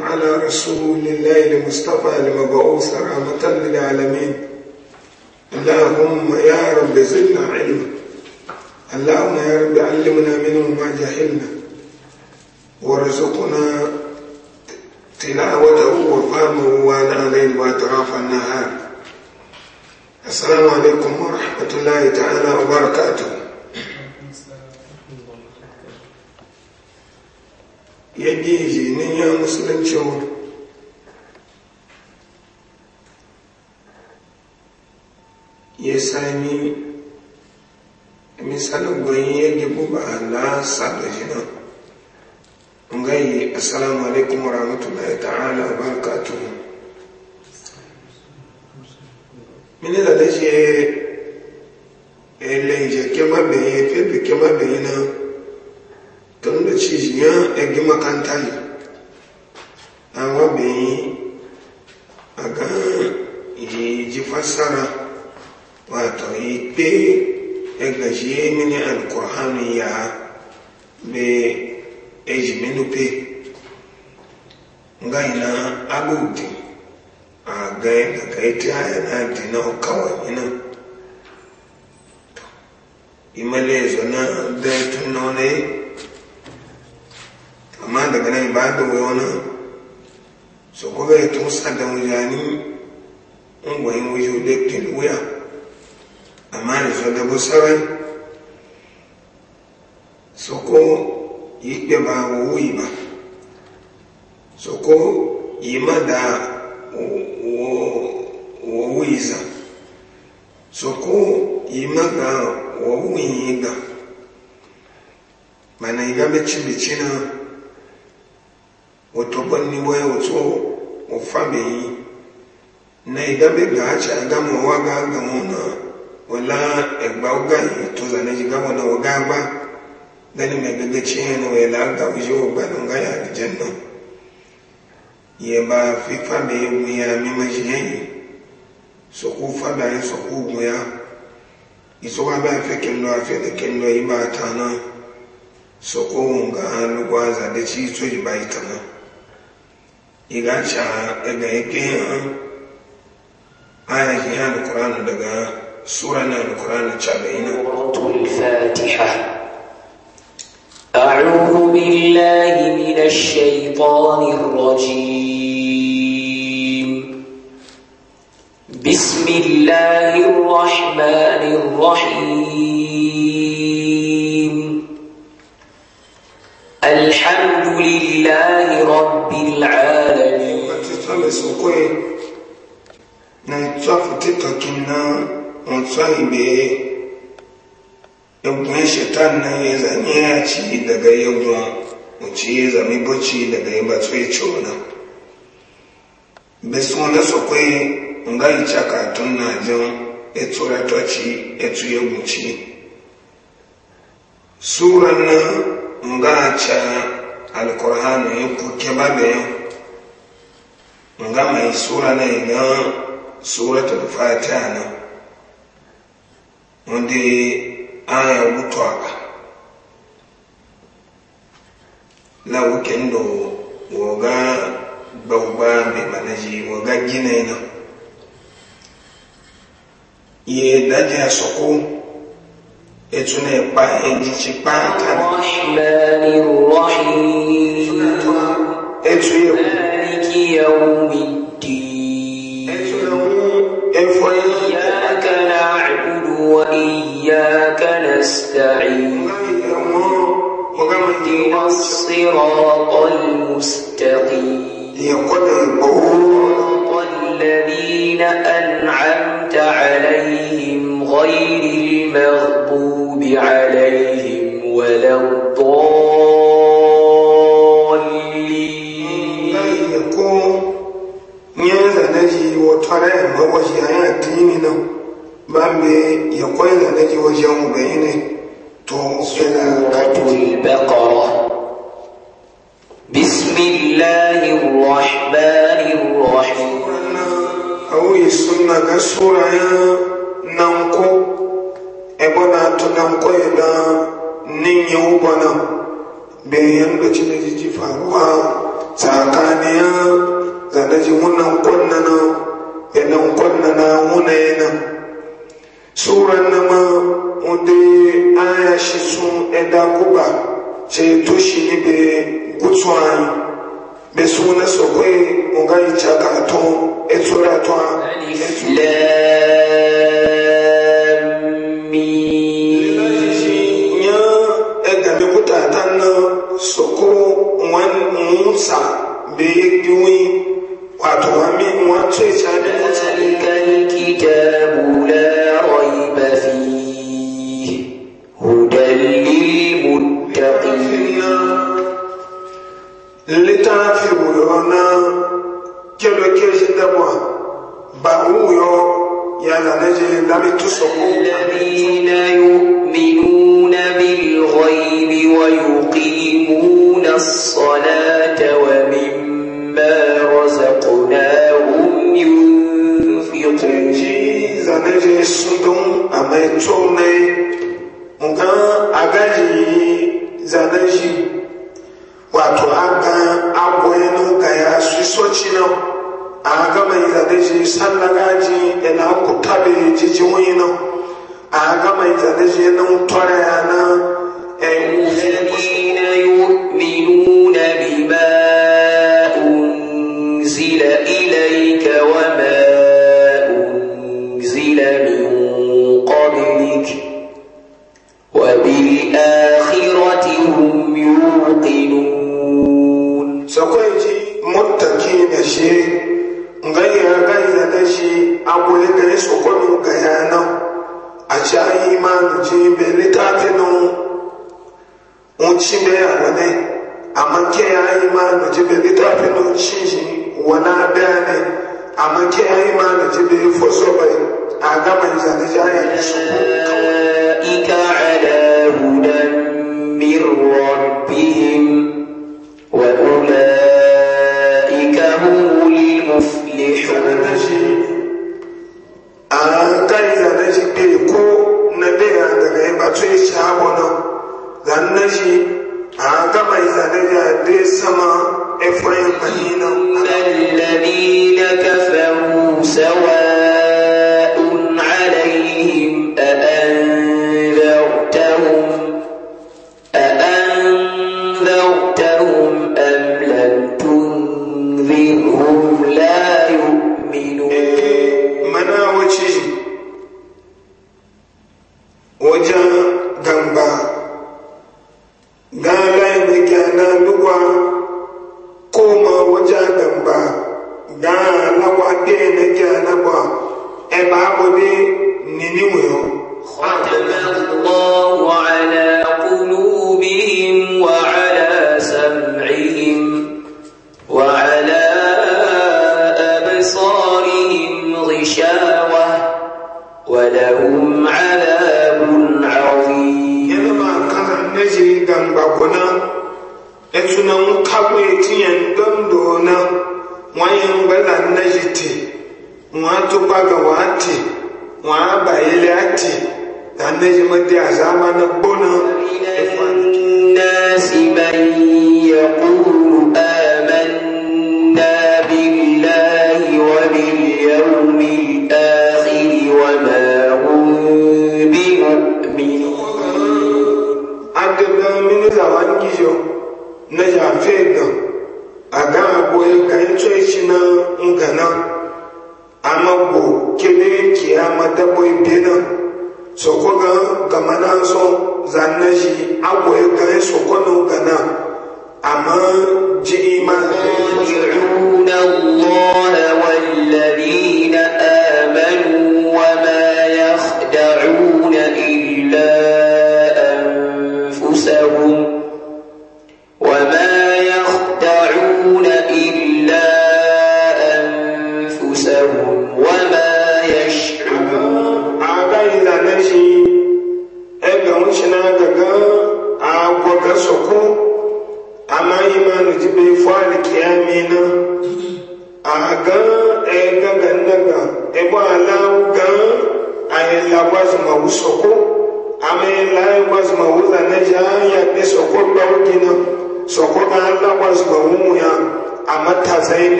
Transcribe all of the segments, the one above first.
على رسول الله المصطفى المبعوث رحمة للعالمين اللهم يا رب زدنا علما اللهم يا رب علمنا منه ما جهلنا وارزقنا تلاوته وفهمه وانا ليل واطراف النهار السلام عليكم ورحمة الله تعالى وبركاته ya bije nin ya musulunci mu ya sami misalin gwayin ya gibu ba na sada jinan ngayi assalamu alaikum wa rahmatullahi ta'ala wa barakatuhu mini da dace ele eh, je kema bayi pepe kema bayi na tun da ci yan egi makanta yi àwọn obìnrin àgá ìjì fására wàtọ̀ yìí pé ẹgbẹ̀ṣẹ́ mini alukọ̀hánu ya bẹ ẹjì mínú pé nga ina agbóòdì àgá ẹgbẹ̀gá etí àyà náà dì náà kàwà nínú ìmọ̀lẹ̀ ẹ̀zọ́ náà bẹ́ẹ̀ tún náà lẹ́yìn amma ndagana ibada wona sokobere da mujani ungwayi mujude tiluya amani zoda busabe soko yikpe bawo wuyiba soko yimada wowuyiza soko yimaga wowuyinga mana igambe chimbi china wato niwɔ yɛ wato wofa yi na ida bɛ gaa kya gama wa na wala ɛgba yi to zane ji gama na wo gba gani na wo yɛ la gaa wo yi na na yɛ ba fifa mai ya wuya mima fa bɛ ayɛ sɔkò wuya isɔkò abɛ afɛ kendo afɛ de kendo yi ba na de yi ba yi iga ca daga yake aya ke yana alkur'ani daga sura na alkur'ani ca da ina fatiha أعوذ بالله من الشيطان الرجيم بسم الله الرحمن الرحيم الحمد لله رب العالمين yankun shaitan nan ya zane ya ci daga yabba mace ya zame bacci daga su tsoye cewa bai sun da yi ngai chakatun na jan etura toci etu yaguci suran na ga cha alqur'anu yi bada be nga mai sura na ina suratul fatiha na ndi aya wutwaka la wukendo woga gbagbabe manaji woga gina ina ye daji asoko ètùnú ìpa èjìjì pa kàní. rahmani rahim. ètù yẹ̀wò. maliki yawmi ddin. ètù yẹ̀wò efo yẹn. iyyaka na'budu wa iyyaka nasta'in. اهدنا الصراط المستقيم. يقول البول. الذين أنعمت عليهم غير المغضوب عليهم ولا الضالين يقول البقرة بسم الله الرحمن الرحيم oyi suna ga suraya nanko ebona to nanko eda nin yau bana bayan da cin da ji faruwa tsakaniya zane ji wunan kwannana yanan kwannana wuna yana suran na ma wunde aya shi sun eda guba ce to shi ne bai anyị. bɛ suguna sɔkɔ ye o ka ɲi ca k'a tɔn e tora tɔn nya e gabe ko ta tan na sɔkɔ ŋwan ŋun sa bɛ ye diwi wato wa min ŋwan tsoye ca ne ko ca ne. littafi wuyo na kelo keji dabwa ba wuyo yana neje lami tusoko alladhina yu'minuna bil ghaibi wa yuqimuna as-salata wa mimma razaqnahum yunfiqun zaneje sudun ametone muga agaji zaneji wato an ga agwayinu ga ya su soci nan a ga mai zade shi sannan gaji da na ku tabe jiji wuyi a ga mai zade shi nan tore ya nan ya yi wuyi wuli gari sokonu ga imanu ji be litafin un ci be ya imanu ji be litafin un wana bayani amma ya imanu ji be foso bai a gama ika ala hudan min rabbihim wa ulai a gari zane shi bai ko na bai a daga yi batu ya shi hawa na zane shi a gama yi zane ya dai sama efrayin manina الذين كفروا سواء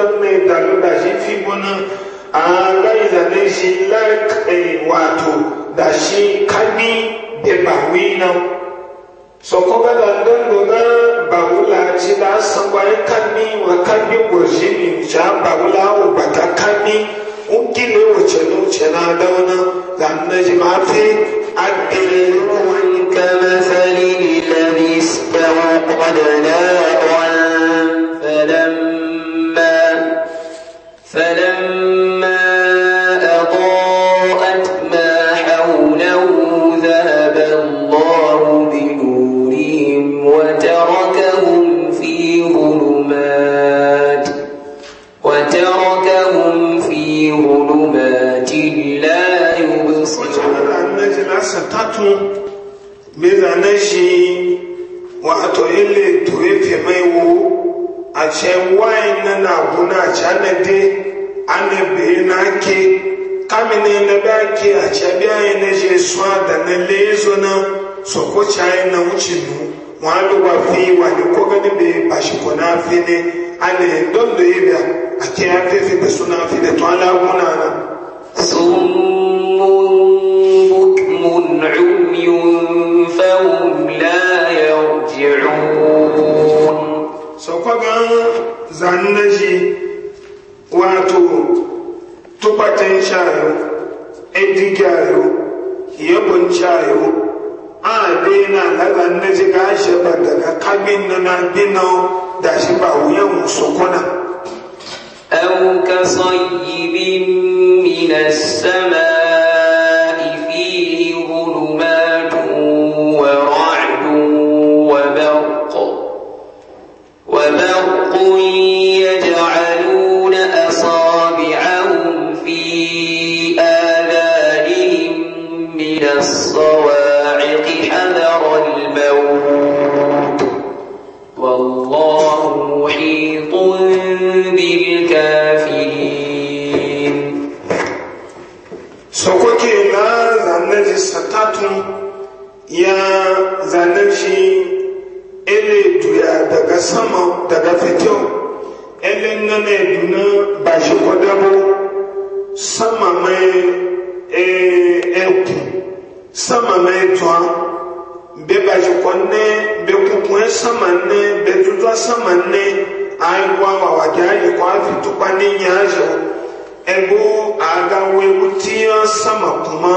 sunan mai dalu da shi zane shi like wato kani da bawi nan so ko ga da don kani wa kani gwaji ni ja kani unki ne wace nuce na da wani zanne ji ma fi tatu beza na shi wato ile to efe mai wo a ce wayan na na guna a ce ana de ana bere na ake kamina na ba ake a ce biya na je suwa da na lezo na soko cayi na wuce nu wani wafi wani ko gani bai ba shi ko na fi ne ana don da ibe a ke ya fi fi da suna fi da na. Sun sakwagan zanu na shi wato tukwatin shayo edin yabon shayo a na lagan na shi ka shaba daga kabin na na dino da shi ba wuyan sokona أو كصيب من السماء tun ya zanen shi ele duya daga sama daga fetiyo ele nana eduna bashi kwadabo sama mai ẹkù e, e sama mai tọ́a bẹ bashi kwanne bẹ kukun sama nne bẹ tutu sama nne ayiwa wawaki ayi kọ afi tukpa ne nyaazọ ẹgbọ agawo ewu tiya sama kuma.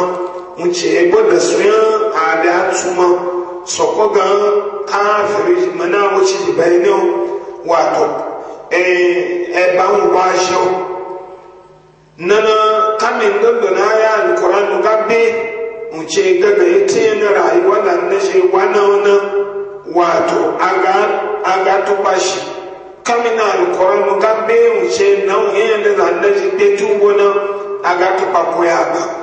ŋutsi gbɔdɔ sɔnyɛ aɖe atuma sɔkɔ gã afiri mana ŋutsi ɖiba yi ne wo woatɔ ɛɛ ɛba ŋu ba zɛ o nana kami ŋgbɛgbɛ na ya nukɔla nu gabe ŋutsi gbɛgbɛ yi tiɛ ne ra yi wa la ne zi wa na na woatɔ aga aga tɔ ba si kami na nukɔla nu gabe ŋutsi na wo yɛ la ne zi de na aga tɔ ya gba.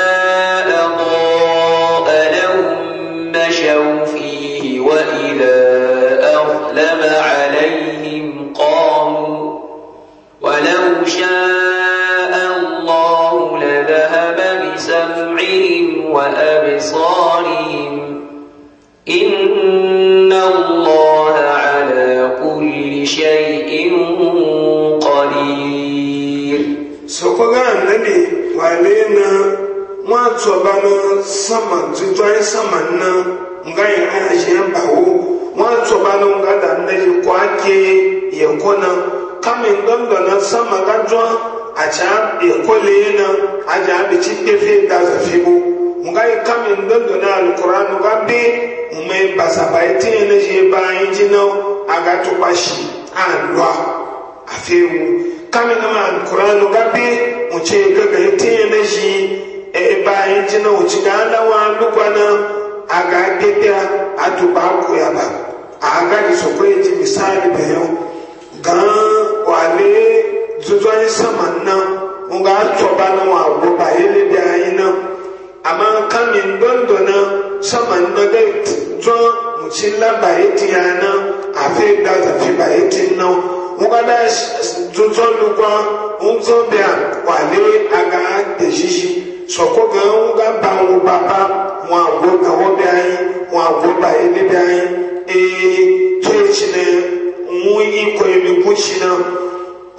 kwaga annabi wale na mwatso bana sama zito ayi sama na nga yi aya shi ya bawo mwatso bana nga da annabi kwa ke ya kona kamin dondo na sama ga jwa a ca ya lee na a ja abi ci fi da fi bu nga yi kamin dondo na alkuranu ga bi ume basaba eti ene shi ba yi jina aga tukwa shi a lwa a fewu kame e, na man kuranu bi mu ce gaga ya tiye na shi e bayan na wuce ga alawa lukwana a ga gebe a duba koya ba a ga da su kwaye ji misali bayan ga wale zuzuwa saman nan mu ga tsoba na wa goba ya lebe ayi na. amma kamin dondona saman daga tɔn mutsila bayeti yana afe gaza fi bayeti nɔ wogada tuntun lukɔn ŋutɔ bia wale aga de zizi sɔkɔ gan woga ba wo baba wọn agbo gawɔ bi anyi wọn agbo bayeti bi anyi ee tó etsi ne ŋu yi kɔ emi kú tsi na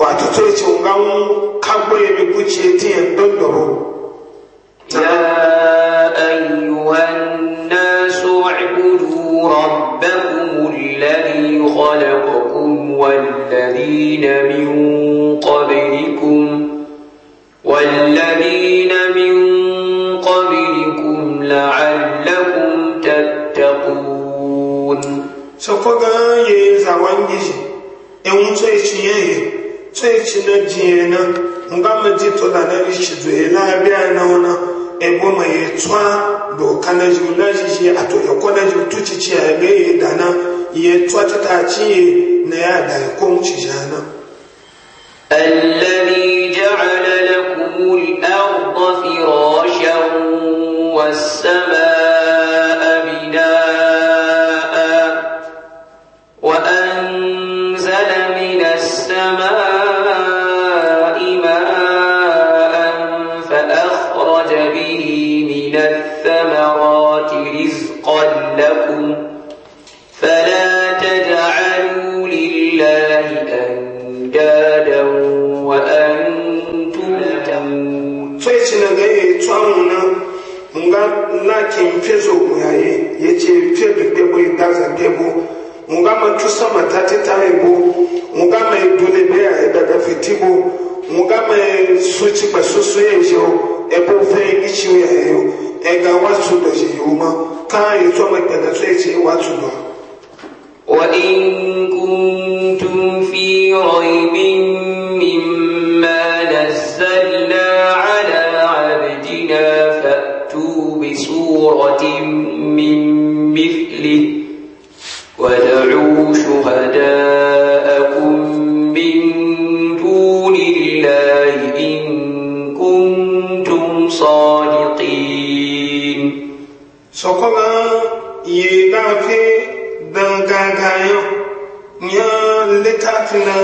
wàtò tó etsi ŋga ŋu kagbɔ emi kú tsi eti yɛ ŋdɔndɔro. يا أيها الناس واعبدوا ربكم الذي خلقكم والذين من قبلكم والذين من قبلكم لعلكم تتقون سوفغا يزاوانجي eunso echinyeye so echina jiyena nga mejitola na ishidu ela abịa na ona ebo ma ya doka na na ji shi a to ya ko na ji tuci dana ya tuwa ta ci ya da ya ko mu ci ke mfe zo mu yaye ya ce mfe bigbe mu ita zange mu mu ga tu sama ta ti ta yi mu mu ga ma dule ne yaye daga fiti mu mu ga ma su ci ba su su yi zo e bo fe ichi mu yaye e ga wa su ma ka so ma daga wa su do wa in kuntum fi raibin سورة من مثله ودعوا شهداءكم من دون الله إن كنتم صادقين سقما يدعتي دنگانگايو نيا لتاتنا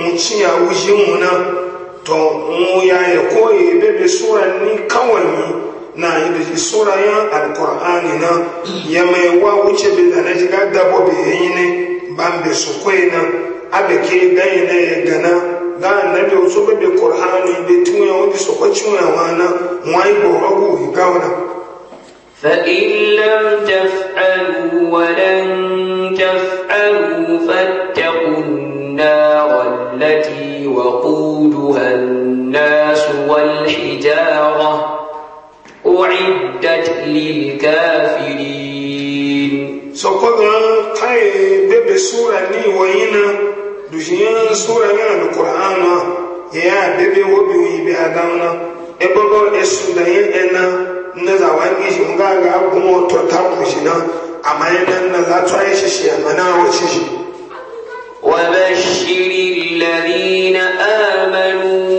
مچيا وجيونا تو مو يا يكوي بيبي سورة ني كوالي na yi sura ya alkur'ani na ya mai wa wuce bi da naji gada bo bi yi ne ban bi su kwai na abe ke dai ne ya gana da na bi wasu bi bi qur'ani bi tun ya wuce su kwai tun ya wana wai bo rabu yi gawana fa illam taf'alu wa lan taf'alu fattaqunna wallati wa qudha an-nas wal hijara أعدت للكافرين سقطنا كاي بيب سورة ني وينا دجيان سورة ني القرآن يا بيب وبي ويبي أدامنا إبابا إسودين إنا نزاوان إيش مغاقا أبو تتابوشنا أما إنا نزاتوا إيش شيئا وشيش وبشر الذين آمنوا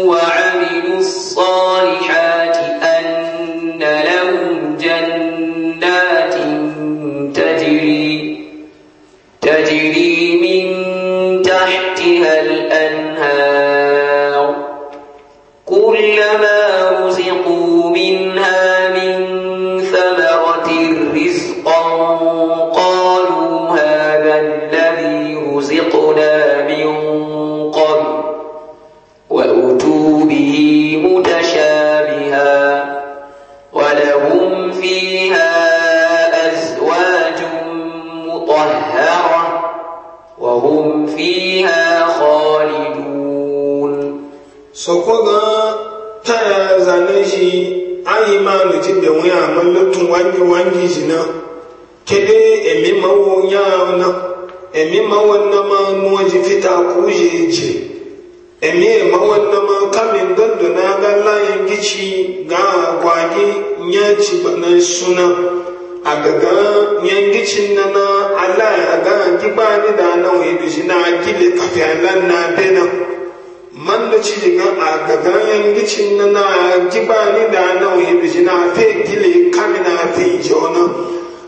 sokoga taya zane shi ayi ma nuti da wani amma lutun wangi wangi shi na kede emi mawo ya na emi mawo na ma nuwaji fita kuje je emi ema wannan ma kamin gando na ga layin gici ga gwagi ya ci bana suna a gaga yan gicin na na ala ya ga giba ni da na wani shi na gile kafin alan na benin man da ci ga a gagayen gicin na na jiba ni da na wuyi da shi na fe dile kami na fe jona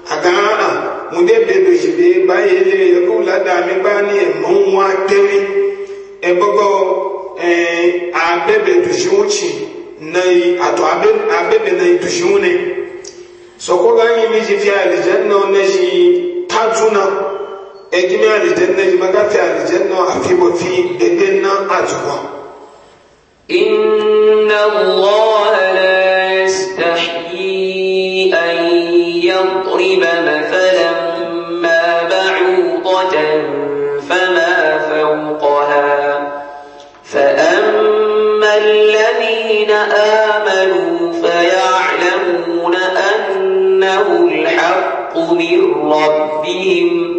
a gana mu de be do shi be ba ye le ru la da mi ba ni e mon wa kewi e gogo eh a be be do shi uchi na yi a be a be na yi do shi une so ko ga yi mi ji fi aljanna ne shi tazuna ejime alijanna jimagati alijanna afibofi edenna ajuwa إن الله لا يستحيي أن يضرب مثلا ما بعوضة فما فوقها فأما الذين آمنوا فيعلمون أنه الحق من ربهم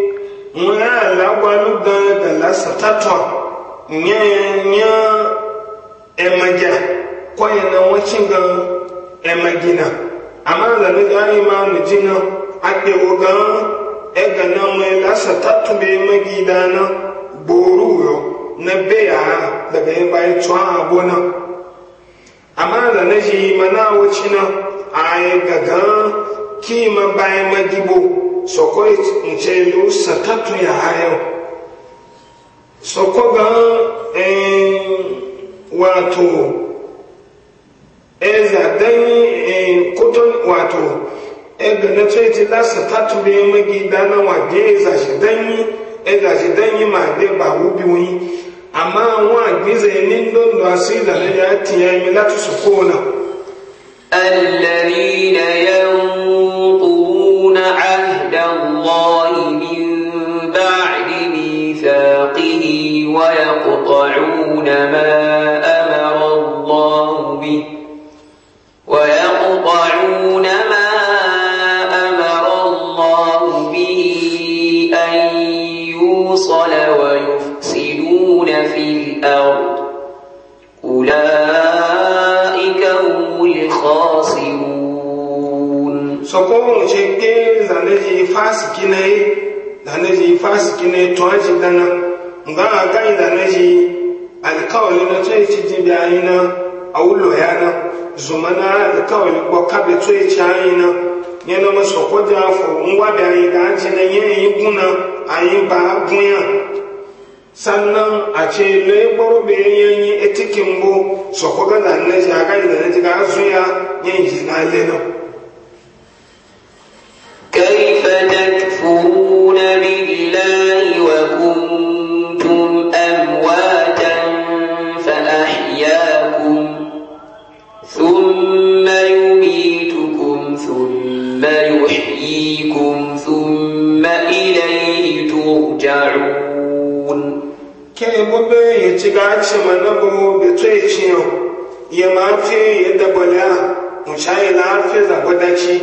ŋuna la walu gã da la satatɔ nyɛ nyɛ ɛmɛdza kɔyɛ na wɔtsi gã ɛmɛdzina ama la yi ma nu dzina akpɛ wo na mɛ la bɛ na gbooro yɔ ne bɛ ya la bɛ ba e tɔ na ma na na kima bayan magibo sokoi ncelu satatu ya hayo soko ga wato eza dan kuton wato ega na tsoiti la satatu ne magi dana wade eza shi danyi eza shi danyi ma de ba wubi wani amma wọn àgbéze ní ndóńdó àti ìdàlẹ́yà tìyẹ̀ mi láti sọ̀kó náà. الذين ويقطعون ما أمر الله به ويقطعون ما أمر الله به أن يوصل ويفسدون في الأرض أولئك هم الخاسرون سقوم شكين زنجي فاسكيني زنجي فاسكيني تواجدنا nga agaghị na neji alikawali na tụ echi dibịa anyị na awụlọ ya na zoma na alikawali gbọ kabe tụ anyị na nye na masọkwa afọ ngwa bịa anyị ga aji na nye anyị gwu na anyị baa gwu ya sannan a ce le gbọrọ bụ enyi anyị etiki mbụ na neji agaghị na neji ga azụ ya nye nji na ale na كيف تكفرون بالله ke bobe ya ci gaci manabo da tsaye ciyan ya mafi ya dabala mu shayi lafi zabadaci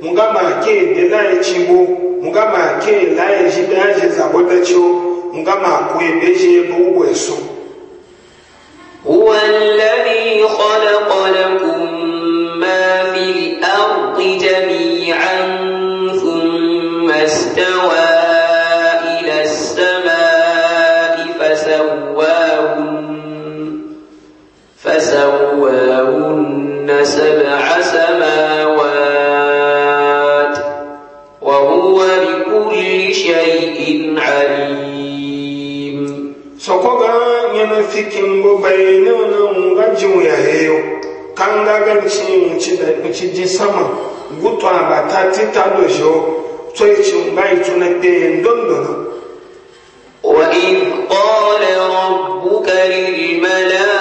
mu ga make la laye cibo mu ga make laye shi daji zabadaci mu ga mako ya beje ya bugu ya so. Wallahi khalaqa lakum ngo bayene ona nga jimuya heyo kanga ga nchi ji sama gutu aba ta ti ta dojo so ichi nga itu na pe ndondo na wa in qala rabbuka lil malaikati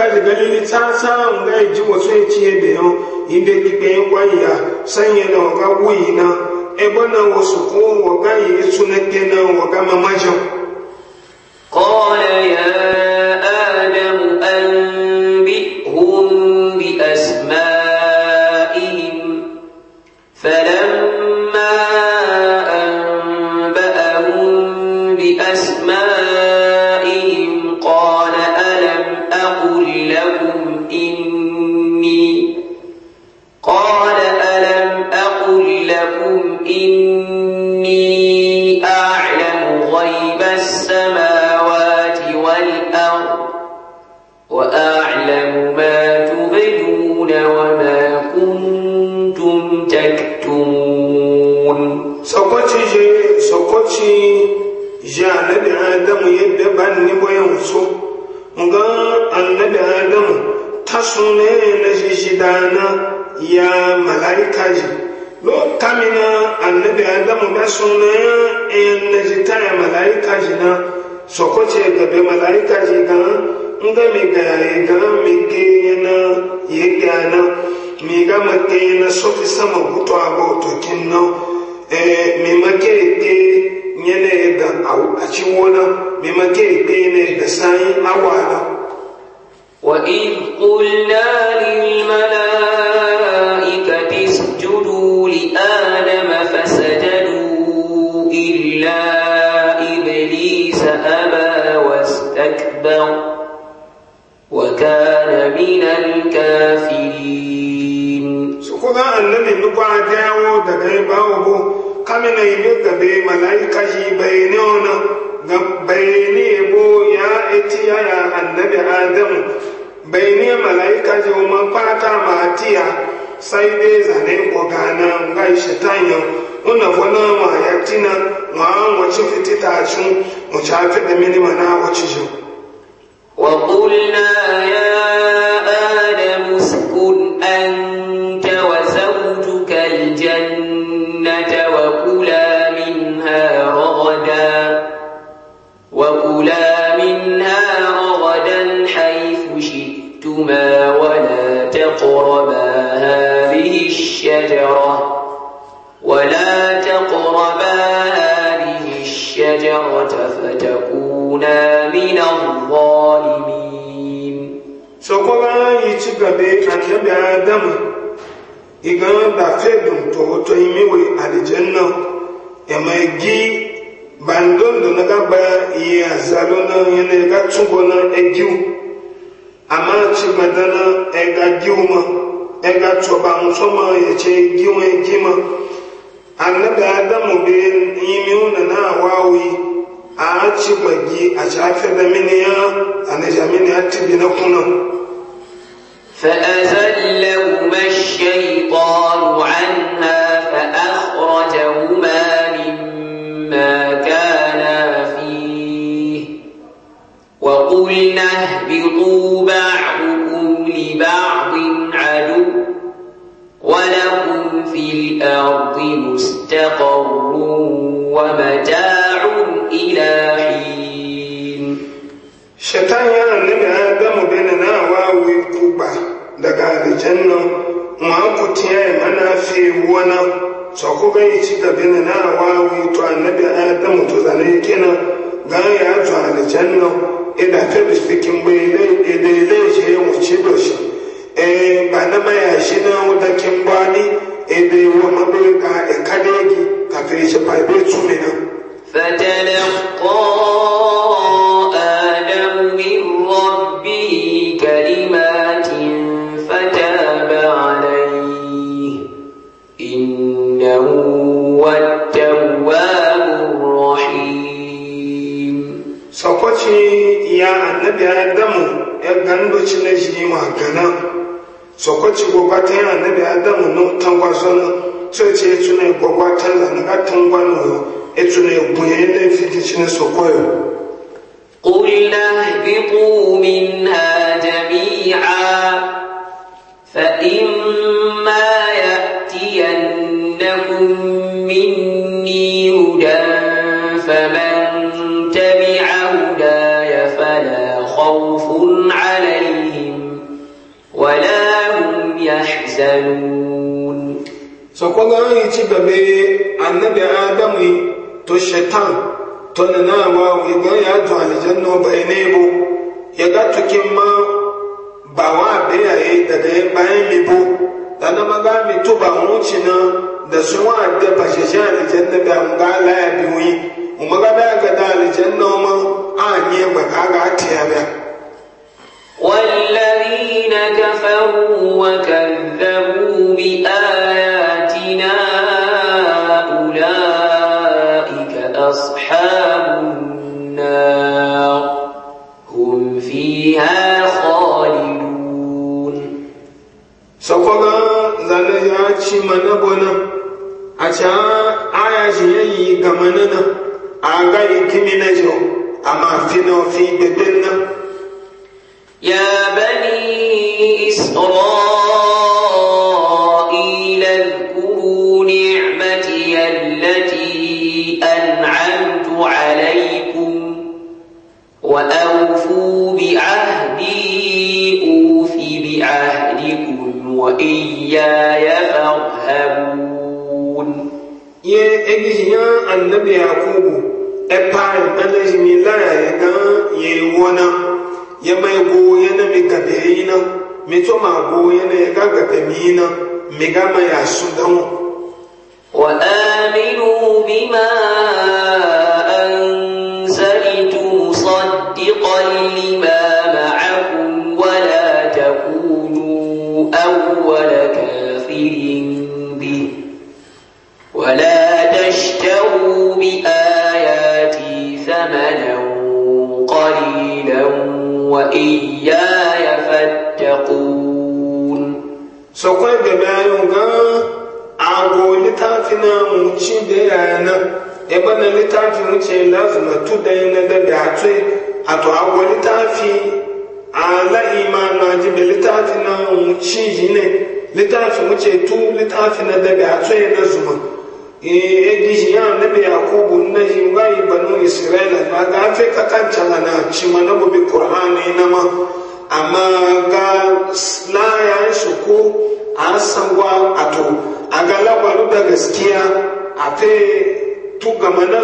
kazi gani ni tsatsa nga ji wasu ya ciye ebe yau inda kike yin kwanya sanya na waga wuyi na ebo na wasu ko waga yi na kenan na mamajin قال يا man ni boyan so nga annabi adamu tasune na shishidana ya malaika ji lo tamina annabi adamu da suna en na jita ya malaika ji na sokoce gabe malaika ji ga nga mi ga ga mi ke na ye ga na mi ga ma ke na sofi sama gutu abo to kinno eh mi ma ke ke nyene da au a wona بمكيكين دسائن أوالا وإذ قلنا للملائكة اسجدوا لآدم فسجدوا إلا إبليس أبى واستكبر وكان من الكافرين سكنا النبي نبع جاو دقائبه كمن يبقى بملائكة بينونا bayne bo ya eti ya ya annabi adam bayne malaika je ma pata ma tiya sai dai zane ko gana ngai shaitan yo ona fona ma ya tina ma wa chi fitita chu mu cha fi da mini mana wa chi jo wa qulna ya تقربا هذه الشجرة ولا تقربا هذه الشجرة فتكونا من الظالمين سوكوا يتبع أكيد آدم إذا دفعتم توتو يميوي الجنة يما يجي bandondo na gaba iya zalo na yana amma ci madana ega giuma ega coba musoma ya ce giuma ya gima annabi adamu be yimi una na wawi a ci magi a shafe da miniya a na jamini a tibi na kunan فأزلهما الشيطان عنه الأرض مستقر ومتاع إلى حين شيطان يانا نبي آدم بيننا واوي قوبا دقا الجنة وانكو تياي منا في ونا sako ga yi ci gabe na wawi to annabi adamu to zane kenan ga ya to aljanna ida ta bisikin bai dai dai shi ya wuce da shi eh ba na maya shi na wuta kin bani ebe wo abe ka ekadegi kafiri shi فتلقى آدم من ربه كلمات فتاب عليه إنه هو التواب الرحيم سقطي يا النبي آدم يا غندو تشنجي sokoci gwagwa ta yana na bi adamu na tangwa zana so ce ya tuna ya gwagwa ta yana na tangwa na yau ya tuna ya buya ya na fi kici na sokoyo. قلنا اهبطوا منها جميعا فإن be annabi adamu to shaitan to na nama ga ya to aljanna bai ne bo ya ga tukin ma ba wa be yayi daga ya bayan mi bo da na maga mi to ba mu ci na da su wa da ba shi shi aljanna ba mu ga la ya bi wi mu maga da ga da aljanna ma a ne ba ga ga ta ya ba والذين كفروا وكذبوا بآياتنا أصحاب النار هم فيها خالدون سقطا زنا ياتي من بنا أتا آياتي غمننا أغاري كمينا جو أما فينا في بدنا يا بني إسرائيل egi hiyan annabi yakubu ɛpaai ana himi lara uh, yɛ gan yɛ wɔna yɛma ego yɛna mi gata yina mi tɔ ma go yɛna yɛ ga gata mi yina mi ga ma yɛ asu dan. وآمنوا بما kina muci da yana ebe na e littafin wuce lazima tu da yana da da atwe a to agwa littafi ala imanu aji da littafi na muci ji ne littafi wuce tu littafi na da da atwe na zuma edi shi ya na bi yakubu na shi ngai banu isra'ila ba ga fe kakan na ci mana bu bi qur'ani e na ma amma ga la ya e shuku an sangwa ato a ga labaru da gaskiya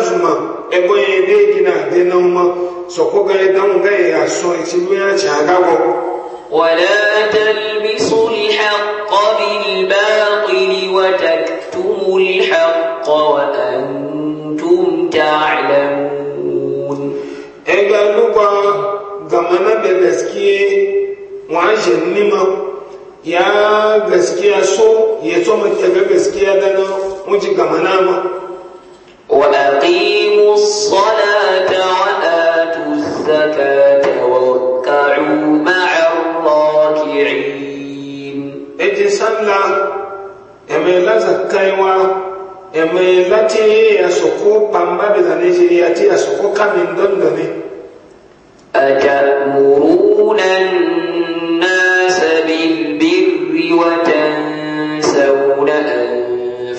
zuma ego ya gina dai na ma so dan ga ya so ci ya ci ga go ولا تلبسوا الحق بالباطل وتكتموا الحق وأنتم تعلمون إذا لقى زمنا بلسكي وعشر نمو ya gaskiya so ya to maka ga gaskiya daga na wuce ga manama wa aqimu ssalata wa atu zakata wa qa'u ma'a raki'in eje salla eme la zakaiwa eme lati ya ko pamba da ne shi ya ti ya soko kamin don da ne atamuruna وتنسون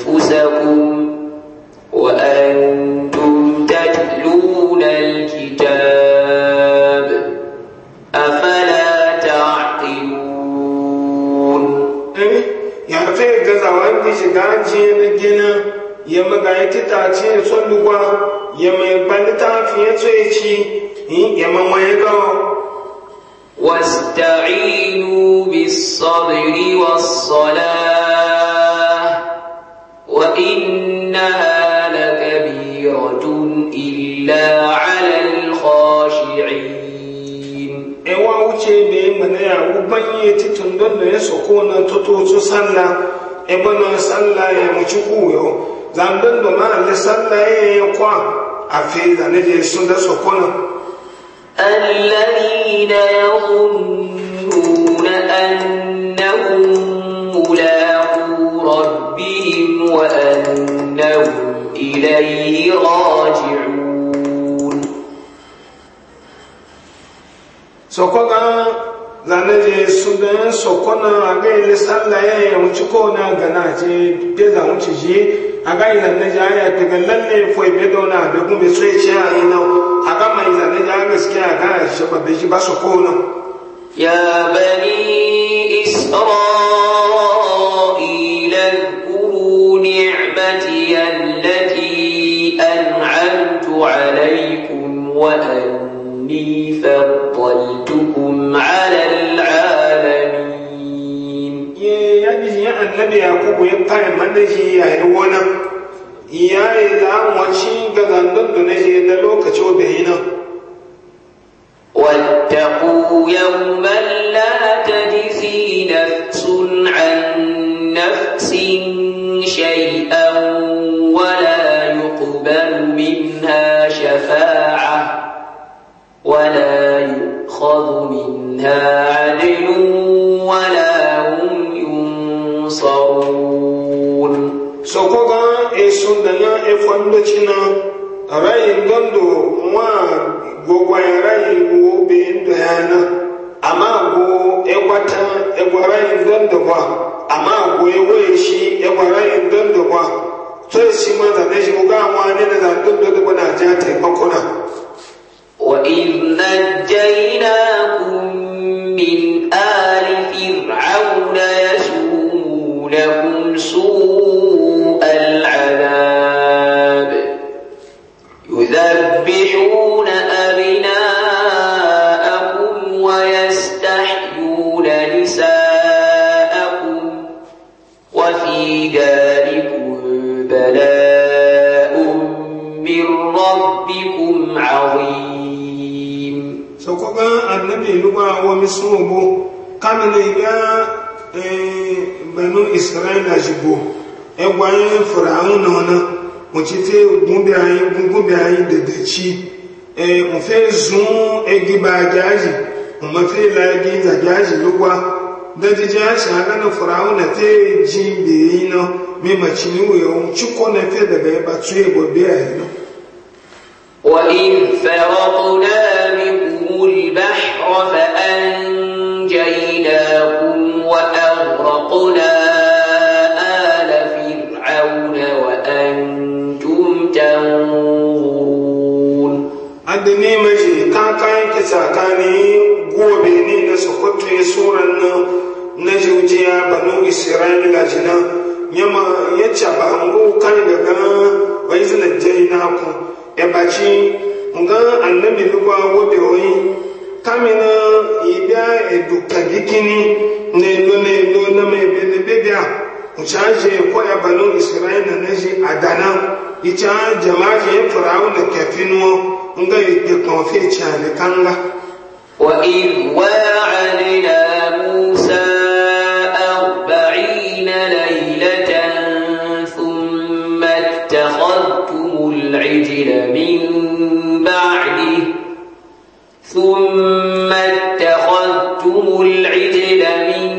أنفسكم وأنتم تتلون الكتاب أفلا تعقلون ya fe gazawa ndi shiga jiye na gina ya magayi titace ya tsalluwa ya mai balita fiye tsoye ci ya mamaye gawa wasta'inu بالصبر والصلاة وإنها لكبيرة إلا على الخاشعين ewa wuce be mana ya ubanye titun don da ya soko na tututu sallah ebana sallah ya muci kuyo zandon da ma'alli sallah ya yi kwa a fi zane da ya sun da soko na الذين يظنون أنهم ملاقو ربهم وأنهم إليه zanaje su sokona a gai lissalla ya yi wuce kona gana ce bai za wuce je a gai zanaje ya ta ga lalle fai bai dauna da gumbe sai ce a yi nan a ga mai zanaje a gaskiya a ba يا بني إسرائيل اذكروا نعمتي التي أنعمت عليكم وأني فضلتكم على العالمين يا بني النبي يعقوب يبقى من نجي يهرونه iyaye za mu wacin ga zandon da na je na lokaci obihina واتقوا يوما لا تجزي نفس عن نفس شيئا ولا يقبل منها شفاعة ولا يؤخذ منها عدل ولا هم ينصرون سوكوغا اي سندنا اي فندتنا araghị ngo ndụ nwa gwụgwa ya araghị iwu obi ndụ ya anya ama gwụ ịgwata egwaraghị ngo ndụ gwa ama gwụ echi egwaraghị ngo ndụ gwa so esi mmadụ na-eji ụga nwa anyị na na ndụ ndụ dịkwa na aja atị mkpọkụ na وإذ نجيناكم من في ذلكم بلاء من ربكم عظيم سوكوغا النبي لغا ومسوبو كامل إيغا بنو إسرائيل أجيبو ẹgbàáyé fìràún náà náà mo ti tẹ gúnbẹ ayé gúnbẹ ayé dèdè tí ẹ mo fẹ zún ẹgbẹ bá ajáàjì mo la ẹgbẹ ìjàjáàjì ló wá daji ji a ci haka na furawo na te ji biyi na mi maci ni wuya un ci ko na te daga ya bacu ya gobe a yi na. وإذ فرقنا بكم البحر فأنجيناكم وأغرقنا آل فرعون وأنتم تنظرون أدني مجي كان كان كسا كان gobe ne na sokoto ya suran nan wujiya banu isra'ila jina yamma a caba ngu kan daga wa izna jaina ku e baci nga annabi lugwa wobe oyi o ida eduka gikini ne lo ne lo na me be ne bebia uchaje ko ya banu isra'ila ne ji adana ita jama'a fir'aun da kafinuo nga yidde kan fe chale kanga wa in wa'alina ثم اتخذتم العجل من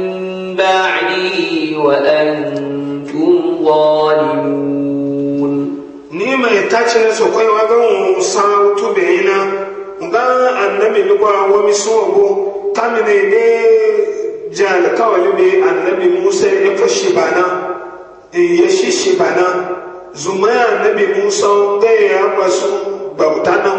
بعده وأنتم ظالمون نيما يتاتي سوكوي وغان ساو تبعينا غان النبي لغوا ومسوه تامني دي جال كوالبي بي النبي موسى يكشبانا يششبانا zuma ya nabi musa ga ya basu bauta nan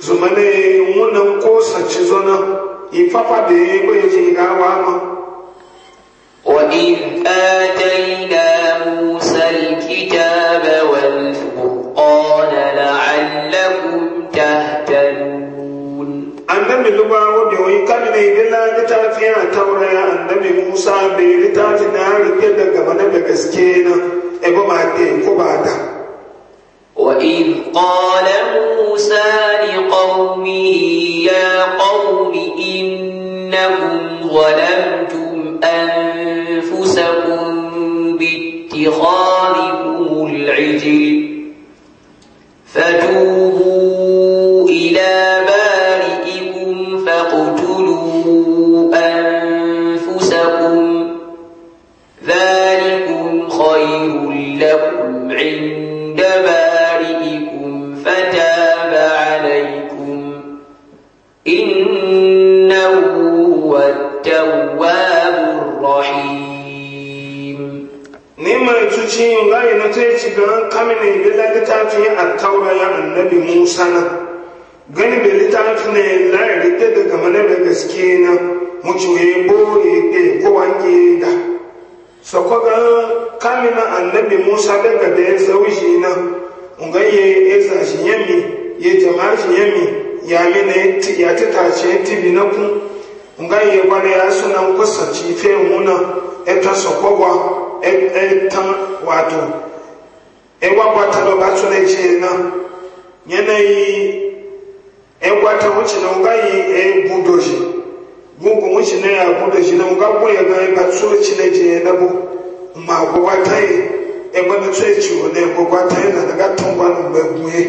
zumane ŋuna ko sachi zona da yi ko yeji ga wa ma wa in na musa alkitaba wal furqana la'allakum tahtadun annabi luba wo de kan ne de la ta fiya taura ya annabi musa be ta na rike daga bana da gaske na e ba ma ko ba ta وَإِذْ قَالَ مُوسَى لِقَوْمِهِ يَا قَوْمِ إِنَّكُمْ ظَلَمْتُمْ أَنفُسَكُمْ بِاتِّخَاذِكُمُ الْعِجْلِ shi nga yi na tsaye ci gan kame ne bai la littafi ya ya annabi musa na gani bai littafi ne la ya rike gama na da gaske na mucu ya da ya kowa ke da sako ga kame na annabi musa daga da ya shi na nga yi ya zashi yami ya jama'a shi yami ya mina ya tibi na kun ngai na ya suna nkwasa ci fe muna eta sokogwa eta e wato egwagwata lo ba tsule na nyene yi egwata wuce na ngai e budoji gungun wuce na ya budoji na nga ko e ya ga e ba tsule ci na jena bu ma gwagwata yi egwa na tsule ci wo na gwagwata yi na daga tungwa na gbe gbuye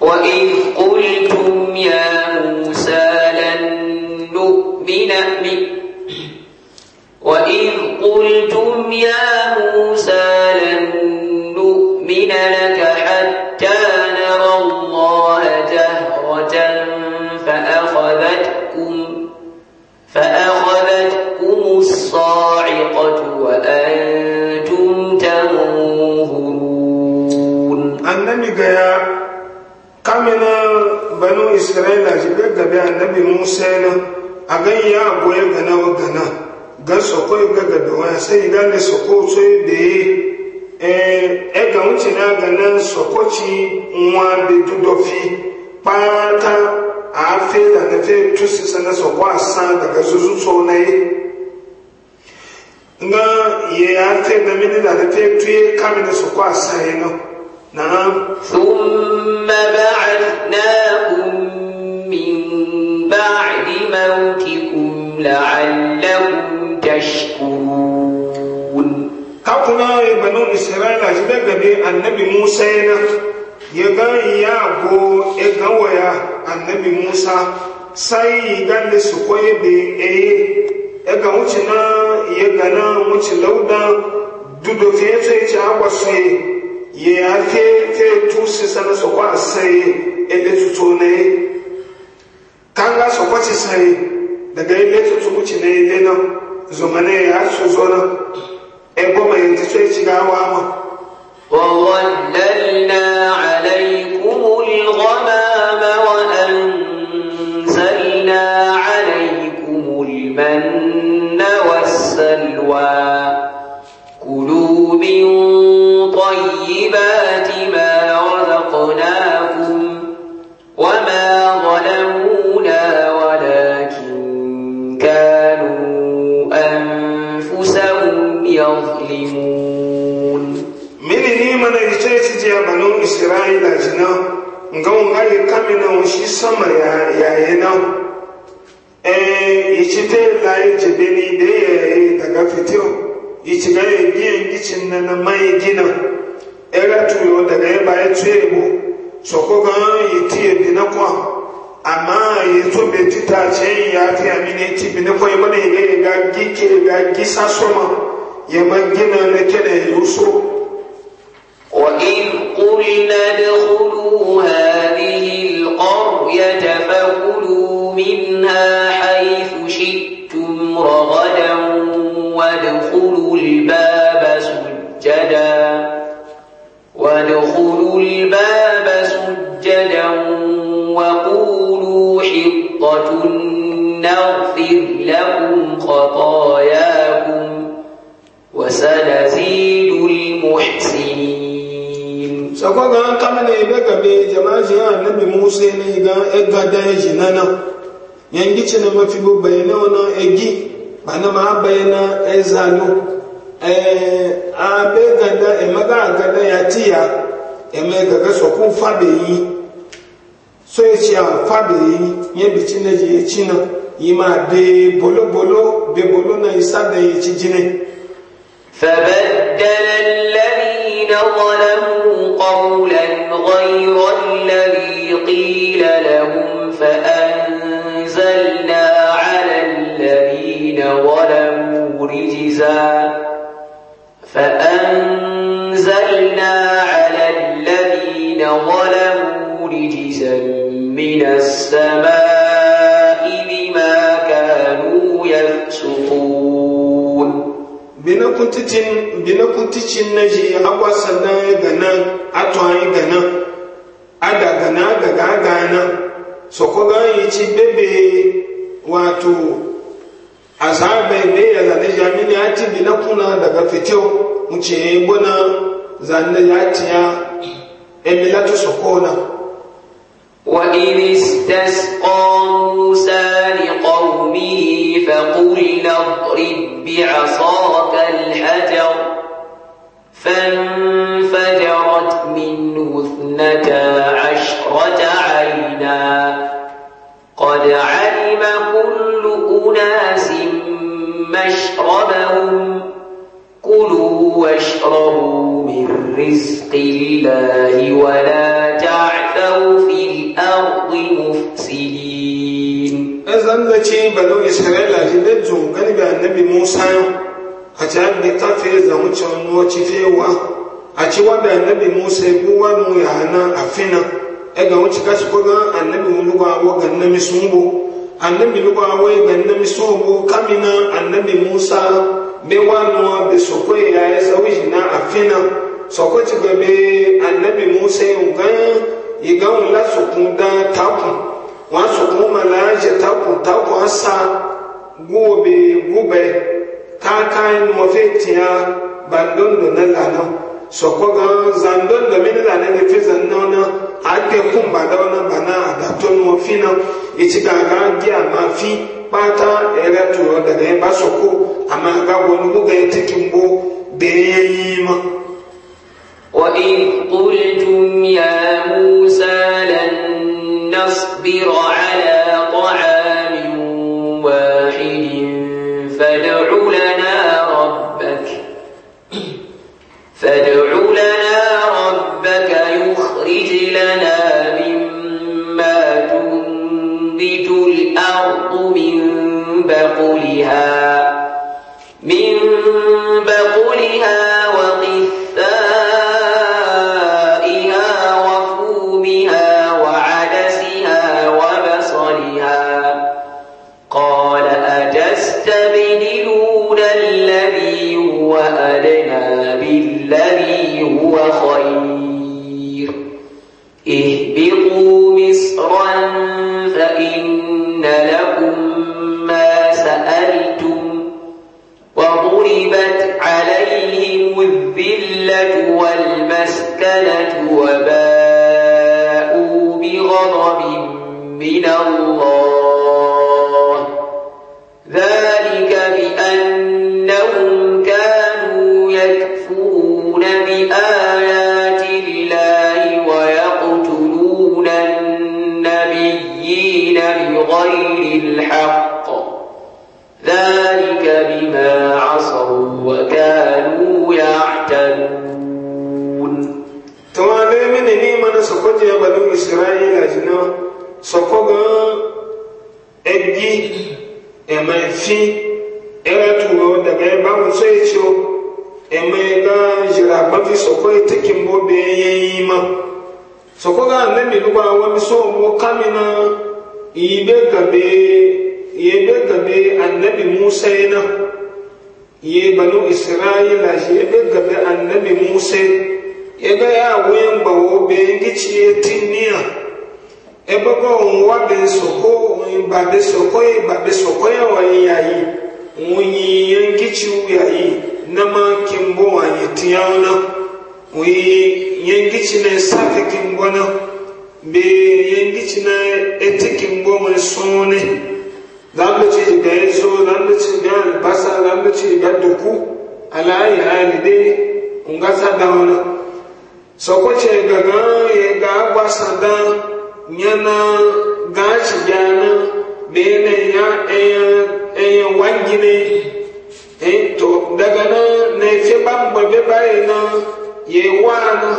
وإذ قلتم يا موسى يؤمن وإذ قلتم يا موسى لن نؤمن لك حتى نرى الله جهرة فأخذتكم, فأخذتكم الصاعقة وأنتم تنظرون النبي قال كمنا بنو إسرائيل أجبت قبل النبي موسى agaghị ya abụ ya gana gana ga soko ga gadawa ya sai ga soko so da eh e ga wuce na gana soko ci nwa da dudofi pata a fe da na fe tusi sana soko asa daga zuzu so na yi nga ye ya fe da mini da na fe tuye kamina soko asa yi no na ثم موتكم لعلكم تشكرون كقنا بنو إسرائيل أجدق النبي موسى ya يا أبو إقوى النبي موسى sai gande su koye da ega wuce na ya gana wuce lauda dudu te ya tsaye ce agwa su ye ya te tusi sana su kwa sai ebe tuto ne tanga so kwaci sai daga ile su su kuci na ile na zumane ya su zo na e yanzu sai shiga wa ma wa na. ya anyị israila jina ngam ngali kamina na shi sama ya ya yana eh yici te lai je beni de daga fitio yici ga ndị giye gicin na na mai gina era tu yo daga ya ba ya tuebo soko ga ya e bina kwa amma ye to be tita ce ya ti amine ti na kwa ye ya ye ga gike ga gisa soma ma magina na kene yuso wa in ادْخُلُوا هَٰذِهِ الْقَرْيَةَ فَكُلُوا مِنْهَا حَيْثُ شِئْتُمْ رَغَدًا وَادْخُلُوا الْبَابَ سُجَّدًا حِطَّةٌ نَّغْفِرْ لَكُمْ خَطَايَاكُمْ وَسَنَزِيدُ الْمُحْسِنِينَ sako gan kamene ibe gabe jama jiya nabi musa ne gan ega dan jina na yangi cina mafi bo bayana ona egi bana ma bayana ezalo eh abe gada e maga gada ya tiya e me gaga sako fabe yi so e ci an fabe yi ye bi cina je e cina yi ma de bolo bolo de bolo na isa da yi ci jine فبدل الذين ظلموا قولا غير الذي قيل لهم فأنزلنا على الذين ظلموا رجزا فأنزلنا على الذين ظلموا رجزا من السماء binakun titin binakun titin na ji agwa sannan gana atwan gana ada gana daga gana so ko ga yi ci bebe wato azabe be ya zane jamini ati binakuna daga fitio muce bona zanne ya tiya emilatu sokona وإذ استسقى موسى لقومه فقل اضرب بعصاك الحجر فانفجرت منه اثنتا عشرة عينا قد علم كل أناس مشربهم كلوا واشربوا من رزق الله ولا تعثوا في الأرض مفسدين ezan da ci balo isra'ila ji da jun gani bi annabi musa yau a ci an bi ta fi zamu ci wani wace fewa a ci wa bi annabi musa bu wani ya hana a fina e ga wuce kashi ko ga annabi luba wa ga nami sumbo annabi luba wa ga nami sumbo kamina annabi musa be wani wa be sokoi ya ya sauji na a fina sokoti ga be annabi musa yau ga yi ga wula da takun wọn sọkún malaje takun takun asa gube gube takan mafetiya bandondo na lana sɔkɔ gan zandondo mi la ne fi zannɔna ake kun badɔna bana adatɔnuwa fina etsi gaga di ama fi kpata ɛrɛ tuyɔ daga yɛ ba sɔkɔ ama ga wɔnu ko ga yɛ tiki bo bɛɛ yi ma. wa in qultum ya musa la. واصبر على كانت وباءوا بغضب من الله ذلك sɔkɔdze ya bani israɛl la dzi na sɔkɔ gã edi ɛmɛ fi ɛyɛ tu dɛmɛ ba ŋusɔ yi tso ɛmɛ gã dzra gbãvi sɔkɔ yi teke mbɔ be ye yi ma sɔkɔ gã ne mi lu wa wɔ mi sɔ wɔ kami na yi be gabe yi be gabe anabi musa yi na yi bani israɛl la dzi yi be gabe anabi musa yi. yɛga yɛ a wɔyɛmba wɔ bɛn eti kyie tinni a nwa wa bɛn sɔkɔ wɔn ba bɛ yɛ ba bɛ yɛ wɔn yi yɛn kikyi ayi nama kimbɔ wɔn tia na wɔn yi yɛn na safi kimbɔ na bee yɛn kikyi na ɛti kimbɔ wɔn sɔɔ ne lambaci da ya zo lambaci da albasa duku ala sokwace gaga ya ga nye na yana gashi gyana da yanayin ya wangi na eto daga na na fi beba bebaye na ya wa e, na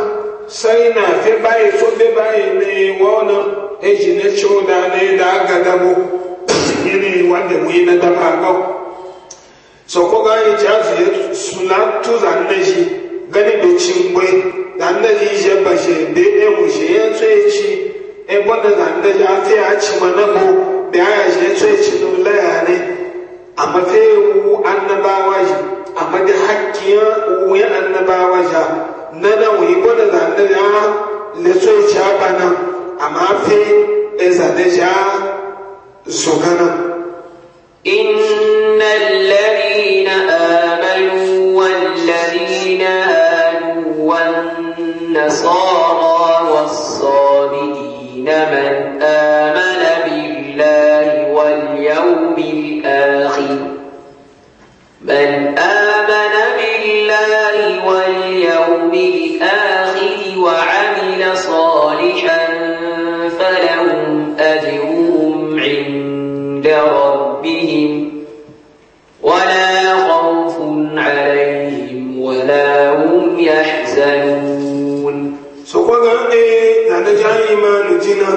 sai na fi baye beba bebaye na ya e e wa na eji na coda na ya da aga dabo yanayi wanda mu yi na daba ga so ko ga ya jafi sula tuzan na shi gani bɛ tsi ŋgbe zande yi dze ba dze de ewu dze yɛ tso ya tsi ebɔ ne zande dze afi atsi me ne a bɛ aya dze tso yɛ tsi no ya ne ame fe wu anabawa dzi ame de hakia wu yɛ anabawa dza na wo yi bɔ ne da dze a le tso ci a bana na mafi afi ezande ji a zɔ gana. إن مَنْ آمَنَ بِاللَّهِ وَالْيَوْمِ الْآخِرِ من آمن من امن بالله واليوم الاخر وعمل صالحا فلهم أجرهم عند ربهم ولا خوف عليهم ولا هم يحزنون imanu jina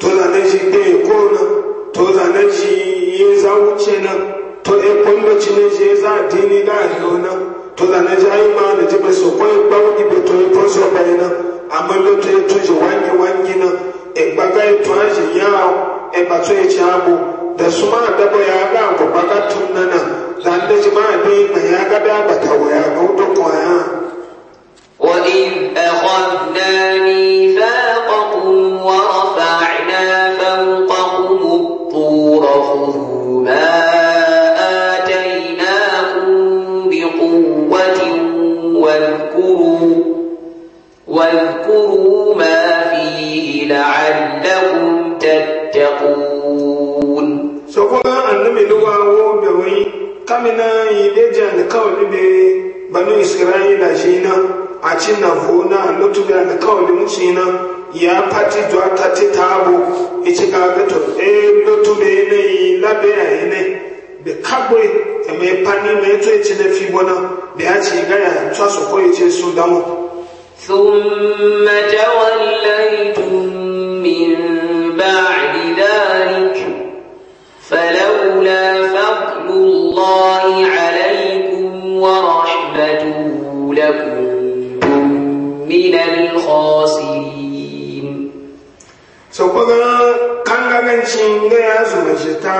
to zane shi ɗaya kona to zane wuce na to ya kwallo ci ne shi dini da yau na to zane shi ayi ma na jiba so wani ba to ya kwaso bai na amma lo ya tuje wangi wangi na e baga ya to aji yawo e to ya ci abu da su ma daba ya ga ko baga tun na na zane shi ma bi ma ya ga da ba ta waya ga wuta kwaya وإذ أخذنا لعلكم تتقون سوكوا أنمي لوا وبيوي كمنا يدجا لكول بي بنو إسرائيل جينا أتينا فونا نتبع لكول مشينا ya pati jɔ atati taabo etsi ka agbɛtɔ ee lɔtu be ene yi labe ayene be kaboe eme pani me eto etsi ne fi bɔna be atsi gaya tso asɔkɔ etsi so damo. ثم توليت فلولا فضل الله عليكم ورحمته لكم من الخاسرين سوكوغا كانغا نشينغا يازو جتا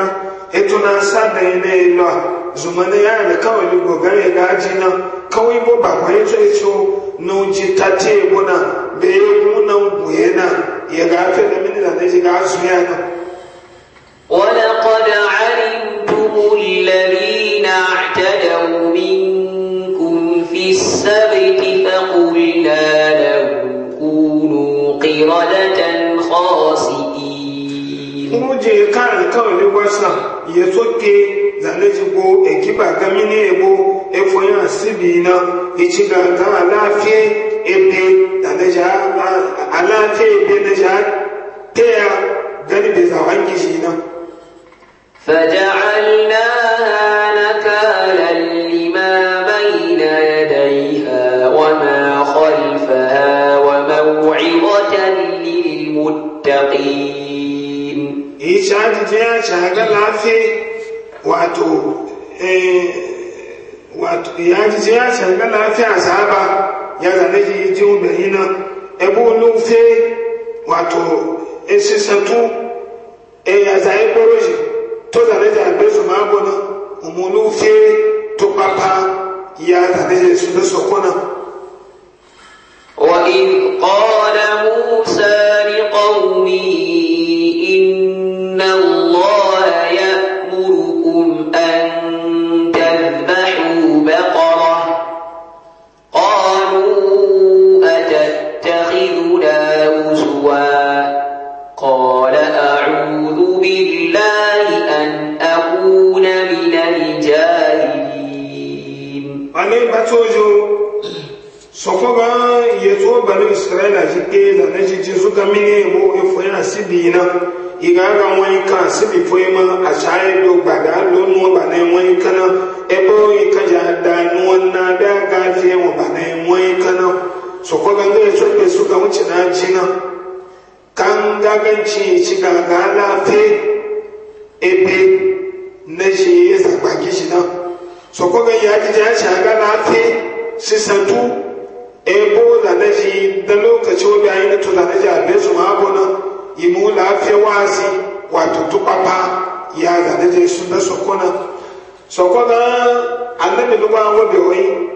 هتونا سابي بيلا زمان يانا كاولي بوغاني ناجينا كاولي بوبا كويتو ايتو نو جتا تيبونا بيلو نو بوينا يغافي نمينا نجي غازو يانا ولقد علمتم الذين اعتدوا منكم في السبت فقلنا لهم كونوا قردة خاسئين muje kan kan ni wasa iye soke zanejigbo ekiba gamini egbo efoyan sibina ichiga gan alaafie ebe zaneja alaafie ebe neja teya gani be zawangi shi nan فجعلناها نكالا لما بين يديها وما خلفها وموعظة للمتقين إيشا تتيا شاقل عثي واتو wato ya ji sai ya shanga lafiya sahaba ya zane ji ji da yina ebe olufe wato esisatu e ya zai koroji bana umunu fe to papa ya da ne su da sokona wa in qala cojo soko ba ya zo bani isra'ila shi ke da na shi ci suka mini mo ya fo yana sibi na iga ga wani kan sibi fo ma a shayi do ba da lo no ba na wani kana e bo yi ka ja da no na da ga je mo ba na wani kana soko ga ne so ke suka wuce na jina kan gaganci shi ga ga lafe sokoga yaji ya shaga si sisatu ebo da na shi da lokaci wa bayan na tuna na jabe su ma gona yi mu lafiya wasi wato tupapa ya ga na je su na sokona sokoga annabi luwa wa bewai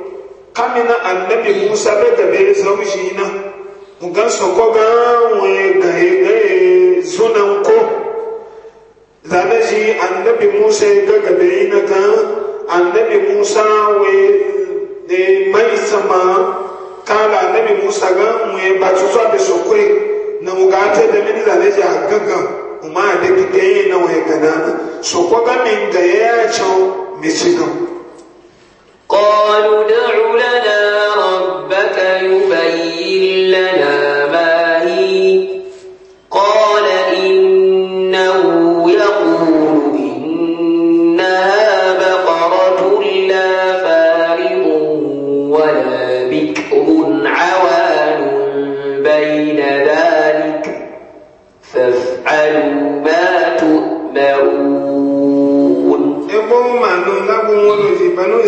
kamina annabi musa bai da bai zauji na mugan sokoga wani gaye gaye zunan ko zanaji annabi musa ya ga gabe na kan annabi musa we ne mai sama kala annabi musa ga mai e batu batutu da sokwe na mu ga da min da ne ja gaggan kuma da kike na waye kana so ko ga min da ya cho mi ci ga qalu da'u lana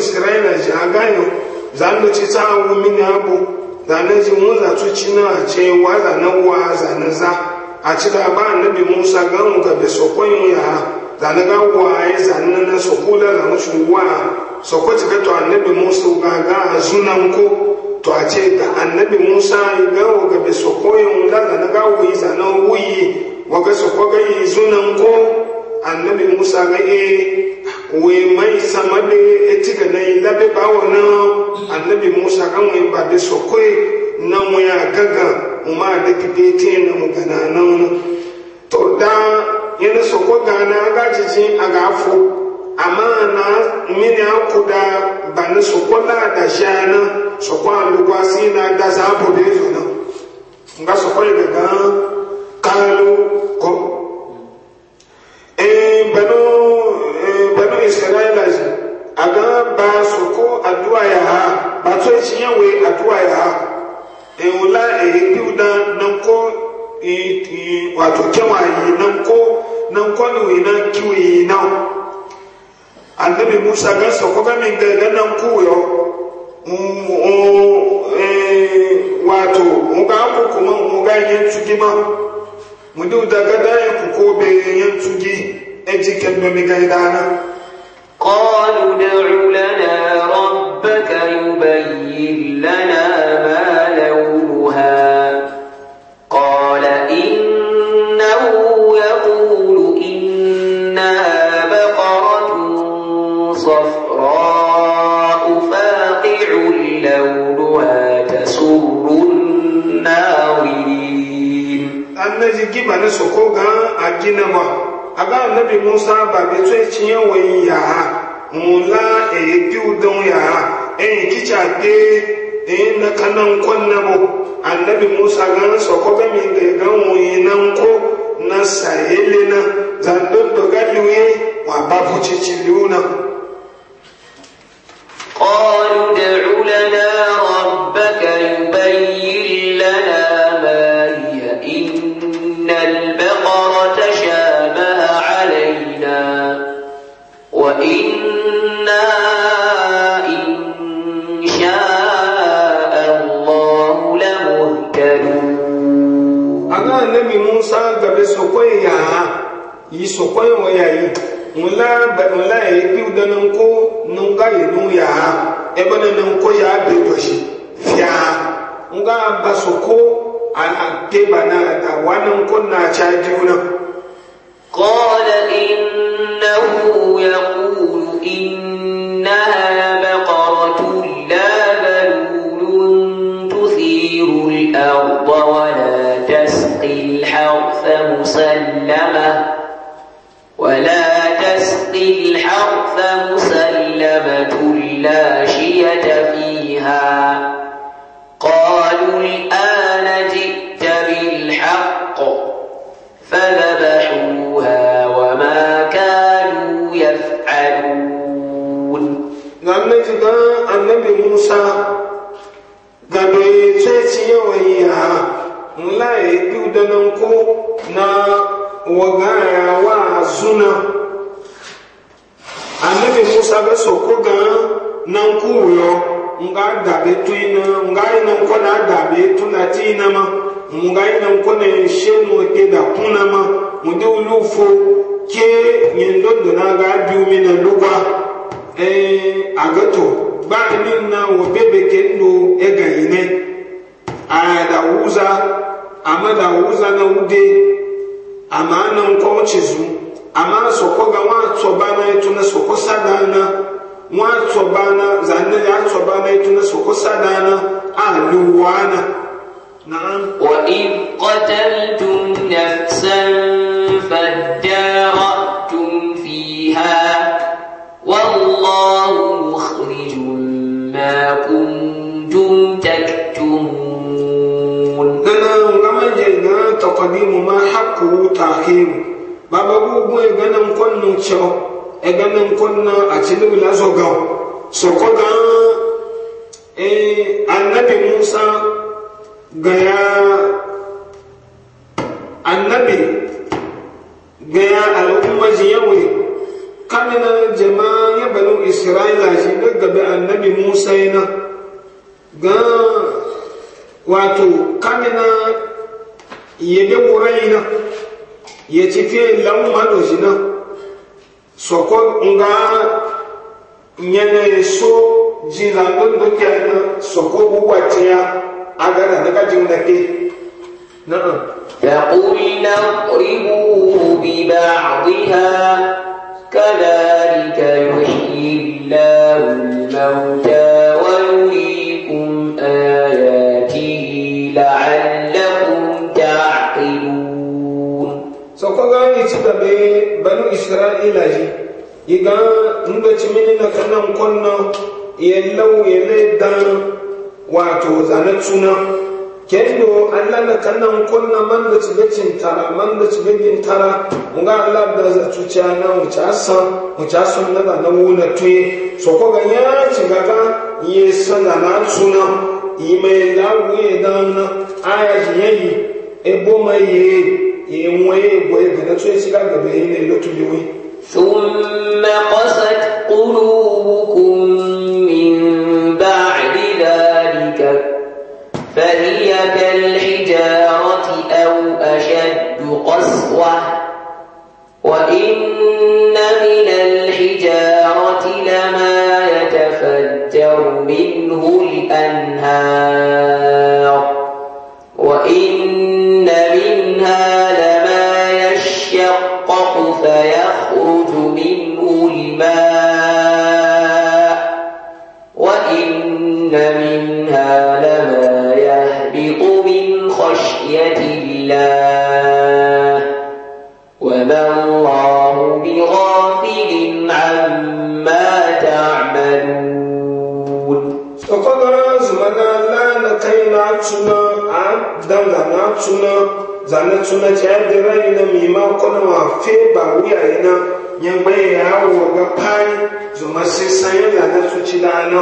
isra'ila ji a gane zanu ci ta awu mini abu zane ji mu za tu ci na ce wa na wa zane za a ci da ba bi musa mu ga be sokon ya zane ga wa ya e, za na sokula da musu wa sokon ci ga to annabi musa ga ga zunan ko to a ce ga annabi e musa ga ga be sokoyin da zane ga wuyi zane wuyi wa ga sokoga yi zunan ko annabi musa ga eh wai mai sama da ya ci na yi labe ba wani annabi musa kan wai ba da sokoi na mu ya gaga ma da kibe te na mu gana nan to da yana soko gana ga jiji a ga afo amma na mini aku da ba na soko la da na soko a lugwasi na da zabo da yazo na nga soko ya gaga kalu ko bano israɛlas aga baa soko adoa yɛ ha bato ekyia wei adoa yɛ ha ewula ehibiw na nanko ii wato kyɛwa yi nanko nanko ne wei na kiw yi na anabi musa ga soko ga mi ga ga nanko yɔ e, wato muga akokoma muga nye ntugi ma mudi udagada yɛ koko bɛ nye ntugi edi kɛntɛn mi ga yi daana. قالوا ادْعُ لنا ربك يبين لنا ما لونها قال إنه يقول إنها بقرة صفراء فاقع لونها تسر الناظرين النجي كما نسوكوغا أجنبه aga annabi musa ba be to echiye won mula e bi udon ya e de e na kanan kwanna bo musa ga so ko mi de ga won nan ko na sayele na zandon to ga luye wa babu cici luna قالوا ادع لنا ربك يبين لنا yi so kọyịn waya yi n ya yi ụda na nko na nga yi nu ya ha ebe na nko ya ha bi shi fịa ha nga ba so kọ a kpee bana na waa na nko na-achị anyị dịkwuna. kọdịdị nnagwu ya kwuru ولا تسقي الحرث مسلمة لا شية فيها قالوا الآن جئت بالحق فذبحوها وما كانوا يفعلون نعمت دا النبي موسى دبي تشيتي وياها لا يدودنكو نا wagaya wa zuna annabi musa ga soko ga nan kuyo nga dabe tuina nga ina kona dabe tuna tina ma nga ina kona shenu ke da kuna ma mudi ulufu ke nyendo na ga biumi na lugwa eh agato ba ni na wo bebe kendo ega ine a da wuza ama da wuza na ude ama na nkɔm amma ama sɔkɔ ga wɔatɔ ba na etu na sɔkɔ sadan na wɔatɔ ba na zanne ya atɔ na na sɔkɔ sadan na a luwa na. نعم taqdimu ma haqqu ta'khir baba gugu e ganan konno cho e ganan konno a cilu la zoga so ko ga e annabi musa gaya annabi gaya al'umma jiyawi kanina jama'a ya banu isra'ila shi gaggabe annabi musa yana ga wato kamina yede wura yina yeti fe lamma do jina soko nga nyene so jina don do kyana soko bu watia agara daga jinda ke na'am فقلنا اضربوه ببعضها كذلك يحيي الله الموتى okoga iti gabe banu israila ji iga ci mini na kanan kwanna yellau yele dan wato zanen suna kendo allah na kanan kwanna man da ci becin tara man da ci becin tara ga allah da za cuciya na wuce asan wuce asan na na wuna tuye so ga ya ci gaga yi sana na suna yi mai lawo ya dan ayaji yayi ye ثم قست قلوبكم من بعد ذلك فهي كالحجارة أو أشد قسوة وإن من الحجارة an tuna zane tuna jayar da rai na mima kuna ma fe ba wuya yana yan bai ya waga pani zuma sai sanya zane su ci lana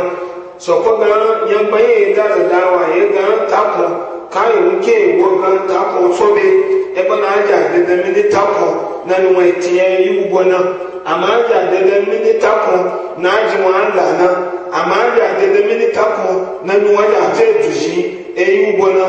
so ko ga yan bai ya da dawa ya ga tako kai muke waga tako sobe e ba na ja da da mini tako na ni wai tiye yi gona amma ja da da mini tako na ji mu Allah na amma ja da da mini tako na ni wai ja fe dushi e yi gona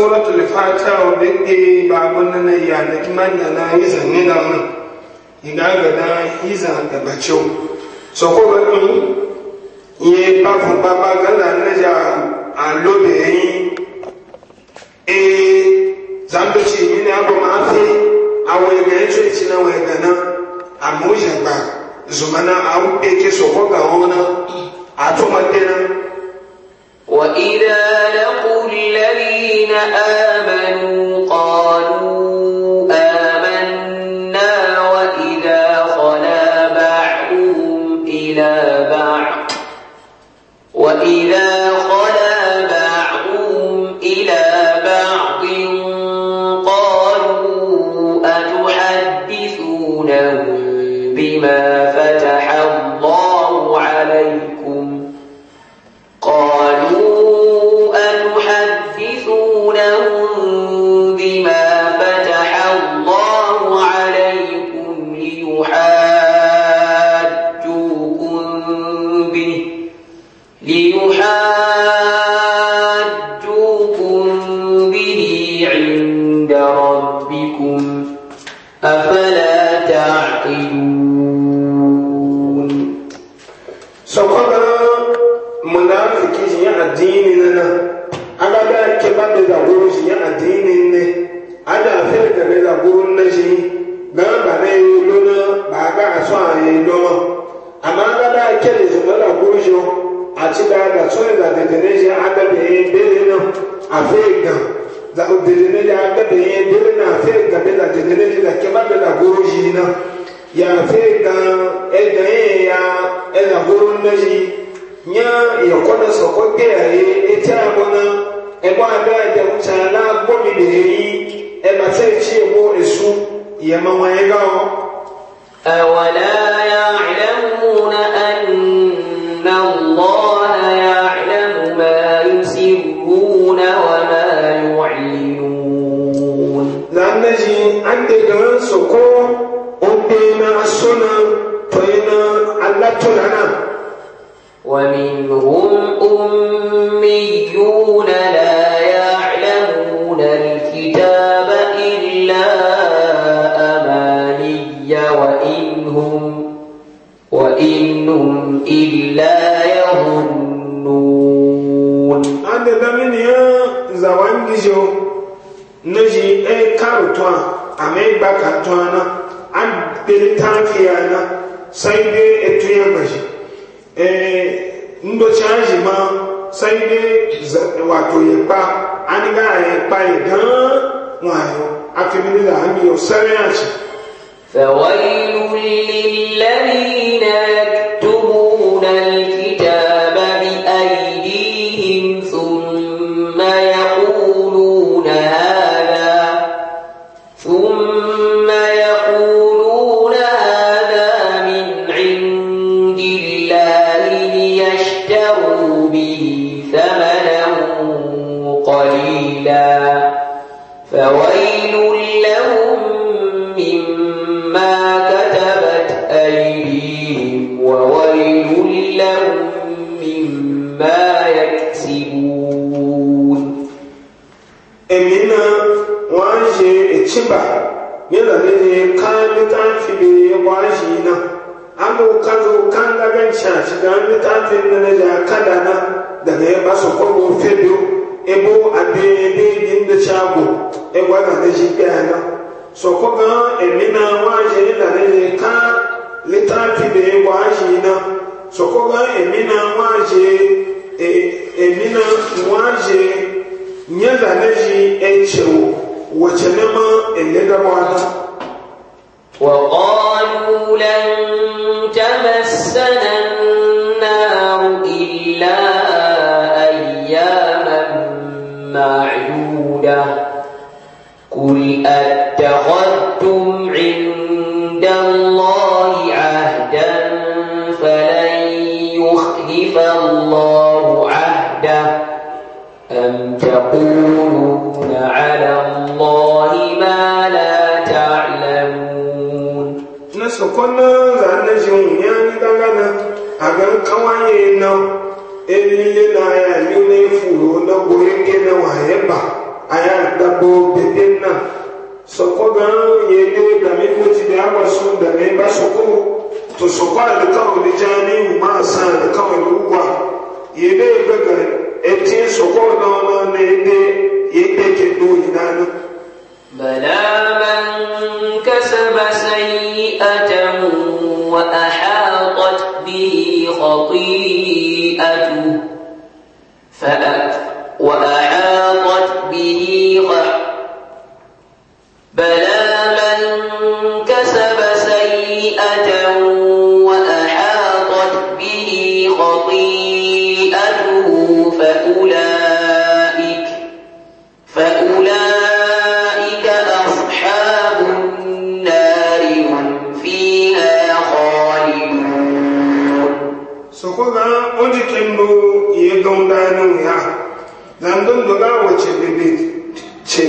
suratul fatiha wa bi e ba wannan na ya na kiman na na yi zanne na mun ina ga da yi zan da bacho so ko ba mun ye ba fu ba ba ga na na ja a lo be yi e zan do ci ni na ko ma fi a wo ga yi e ci na wo ga na a mu ja ba zumana a u e ke so ko ga wona a to ma kenan وَإِذَا لَقُوا الَّذِينَ آمَنُوا chiba nila nini kan litan fi bi waji na amu kazu kan da ben cha ci da litan fi ka da na daga ya ba su kogo fedo ebo abe ebe din da chago e gwaga da shi ga na so ko ga emina waji nila nini kan litan fi bi waji na so ko ga emina waji e, emina waji nyala neji echewo وجنما اللي دمعنا وقالوا لن تمسنا النار إلا أياما معدودة قل أتخذتم عند الله عهدا فلن يخلف الله عهده أم تقولوا الله ما لا تعلمون نسكنا زانجون يعني دغنا أغن كوانينا إلي لا يمين فلونا بوينجنا وهيبا أيا دبو بدنا سكوغان يدي دمين متدي أبسو دمين بسكوه to so kwa alikawo ni jani ma sa alikawo ni uwa yebe gaga eti so kwa na na بلى من كسب سيئة وأحاطت به خطيئته فأت وأحاطت به خطيئته nanu ya zandun do ga wace bebe ce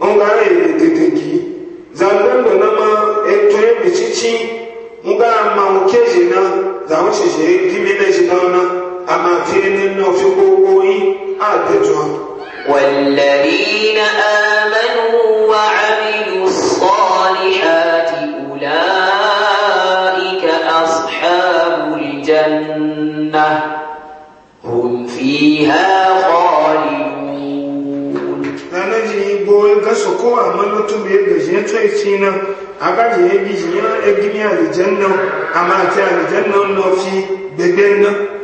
on ga re de gi zandun do na ma e to e bichichi nga ma o keje na za o se se di me na se na na ama fi ni no fi gogo yi a de to والذين آمنوا وعملوا الصالحات أولئك أصحاب الجنة فيها خالدون أنا جي بوي كسوكو أمانو تبي بجين تويتينا agaji ebi jiyan egini alijanna ama ati alijanna nno fi gbegbe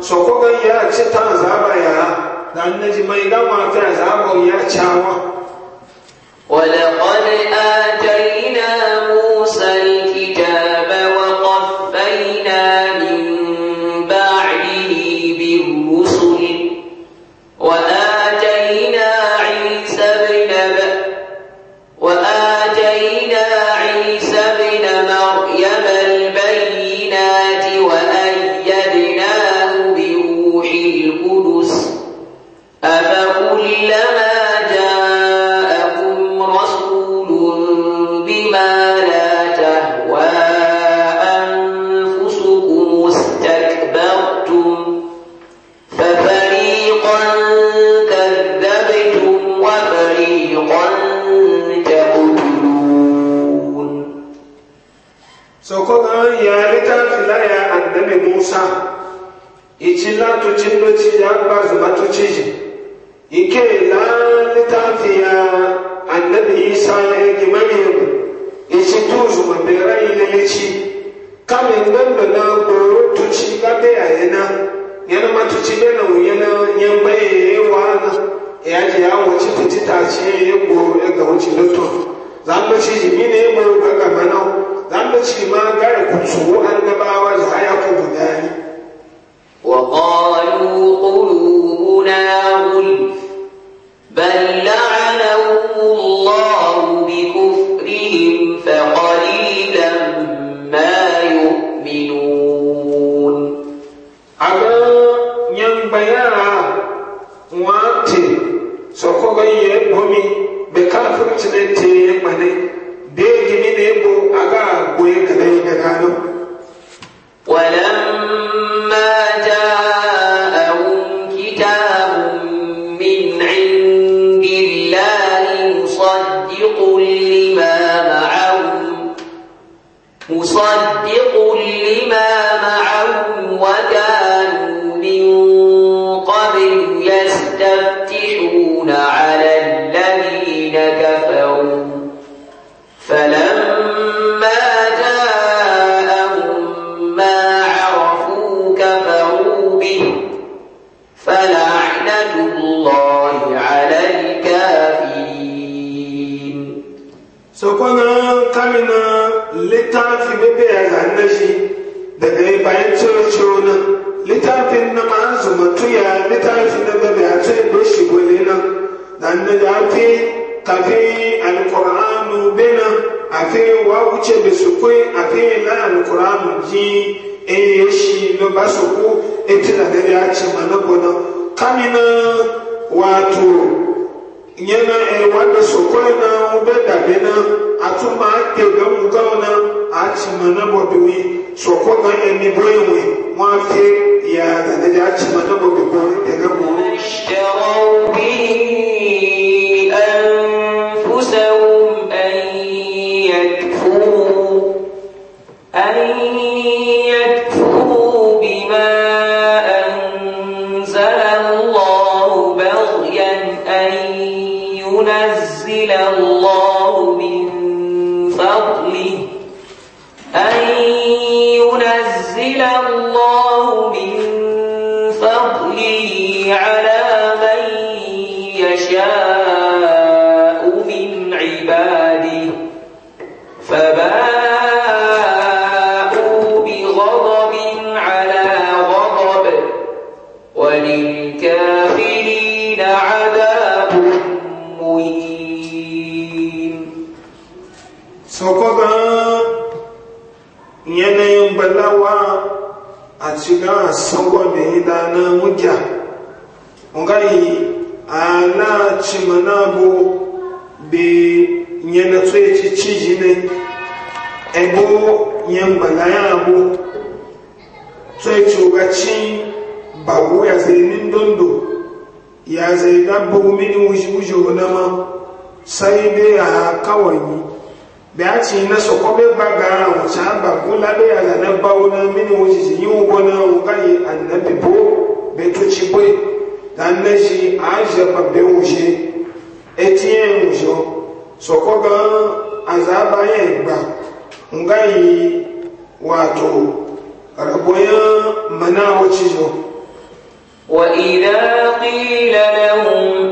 sokoga ya ci ta zaba ya da annaji mai gama ta azaba ya cawa ولقد آتينا tuci ndoci ya ba zuma tuci ji ike la litafi ya annabi isa ya yi maryam ishi tu zuma bera ile lici kame ndondo na goro tuci gabe a yana yana ma tuci ne na yana yan baye wa na ya ji ya wuce tuci ta ce ya goro ya ga wuce lutto zan ba ci ji mine mu ga gaba nan zan ba ci ma gare ku tsoro annabawa za ya ku gudani وقالوا قلوبنا غلف بل لعنهم الله بكفرهم فقليلا ما يؤمنون أبا ينبيانا واتي سوكوغا يبهمي بكافر تنتي يمني ديجي من يبو أغا بويك ديجي كانوا ولم مصدق لما معهم وكانوا من قبل يستفتحون على الذين كفروا فلما جاءهم ما عرفوا كفروا به فلعنة الله على الكافرين سوكونا كامنا littafi mafi ya zanna shi daga yi bayan cewa na littafin na ma su ya littafi na gaba ya ce ba shi nan na an da fi tafi alkur'anu bina a fi wa wuce da su kai a fi na alkur'anu ji eye eh, shi na ba su ku ita da ya ce ma na gona kamina wato nyɛ na ɛwa de sokɔɛ na wobɛ dabe na ato ma ake gamu gawo na akyi ma na bɔ wi sokɔ na ɛni bɔ yi wi wɔn afe yɛ adadɛ akyi ma na bɔ bi bɔ ɛgɛ bɔ. يشاء من عباده فباءوا بغضب على غضب وللكافرين عذاب مهين سوكوغا ينين بلاوا أتشغا سوكوغا ميدانا مجا ونغاي ana cimana bi be nyana tsoye ci ciji ne ebo nyan balaya bo tsoye ci ga ci bawo ya zai min dondo ya zai dabba mini wuji wuji wani ma sai dai a kawai bí a ti iná sọ̀kọ́ bẹ́ bá gara àwọn tí a bà kú lábẹ́ àlànà báwọn náà mínú òjijì yíò wọ́n náà wọ́n káyé ànàbìbó bẹ́ẹ̀ tó ti bóyìí tanne shi aisha babbe wushe etiye wusho soko ga azaba ya gba ngai wato raboyan mana wuce wa وإذا قيل لهم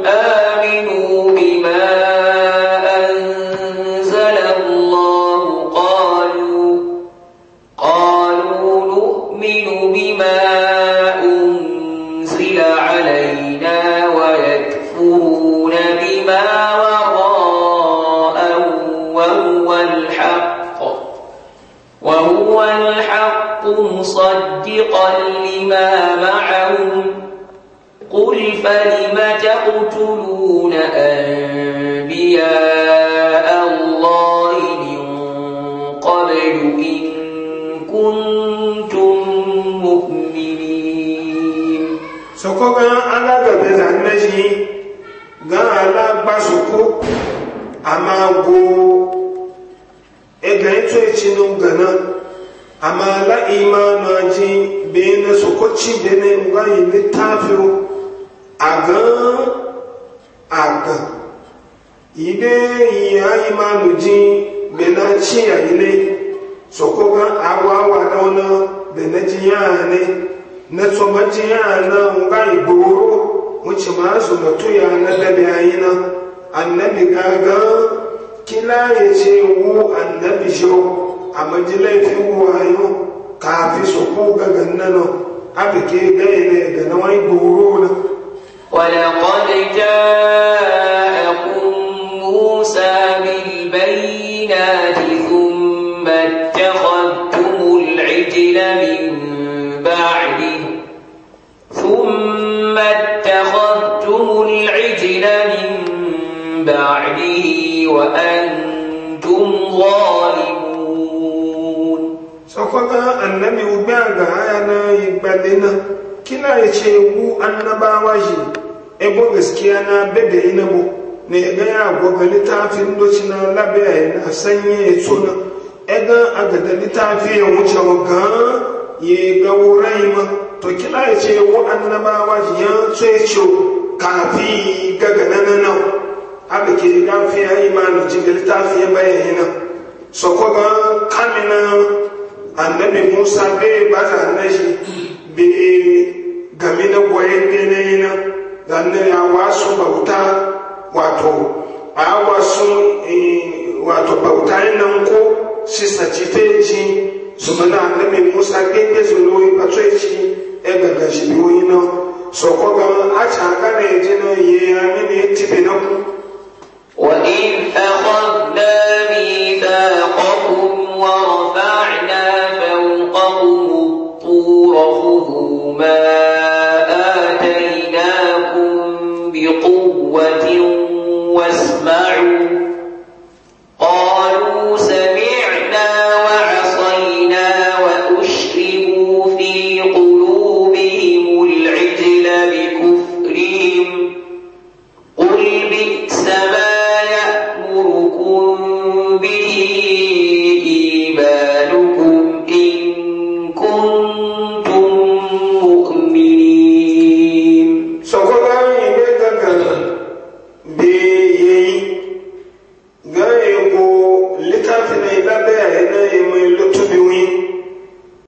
يقتلون أنبياء الله من قبل إن كنتم مؤمنين سوكوغا على بذنشي غا على باسوكو amago egayin to icinu gana amma la imanu ji bene sokoci bene ngayi littafiru a gan aka ide yi ayi manu ji bena chi ya sokoga agwa awa na ona bena ji ya ne na tsoma ji ya na nga iboro wuce ma su na tuya na na annabi gaga kila ya ce wu annabi jo a majilaifin wayo kafi soko gagan nano abike gaya ne ga na wani goro na ولقد جاءكم موسى بالبينات ثم اتخذتم العجل من بعده ثم اتخذتم العجل من بعده وأنتم ظالمون سقط النبي بانها يبلنا kila ya ce wu annabawa shi ego gaskiya na bebe inabu na ya gaya goga littafin doci na labiya ya na sanye ya tuna ega agada littafi ya wuce wa ga ya ga wurai ma to kila ya ce wu annabawa shi ya tsaye ce kafi gaga na na na abu ke gafi ya yi ma na jiga littafi ya bayyana so ko ga kamina annabi musa bai ba ta annashi be game da goyon yanayi na zanne ya wasu bauta wato a wasu eh, wato bauta nan ko si sacite ci su mana annabi musa gbe zuloyi ba tsoye ci e gaga shi yoyi na so ko ga a caka ne jina ye ya mini tibi na ku وإذ أخذنا ميثاقكم ورسولكم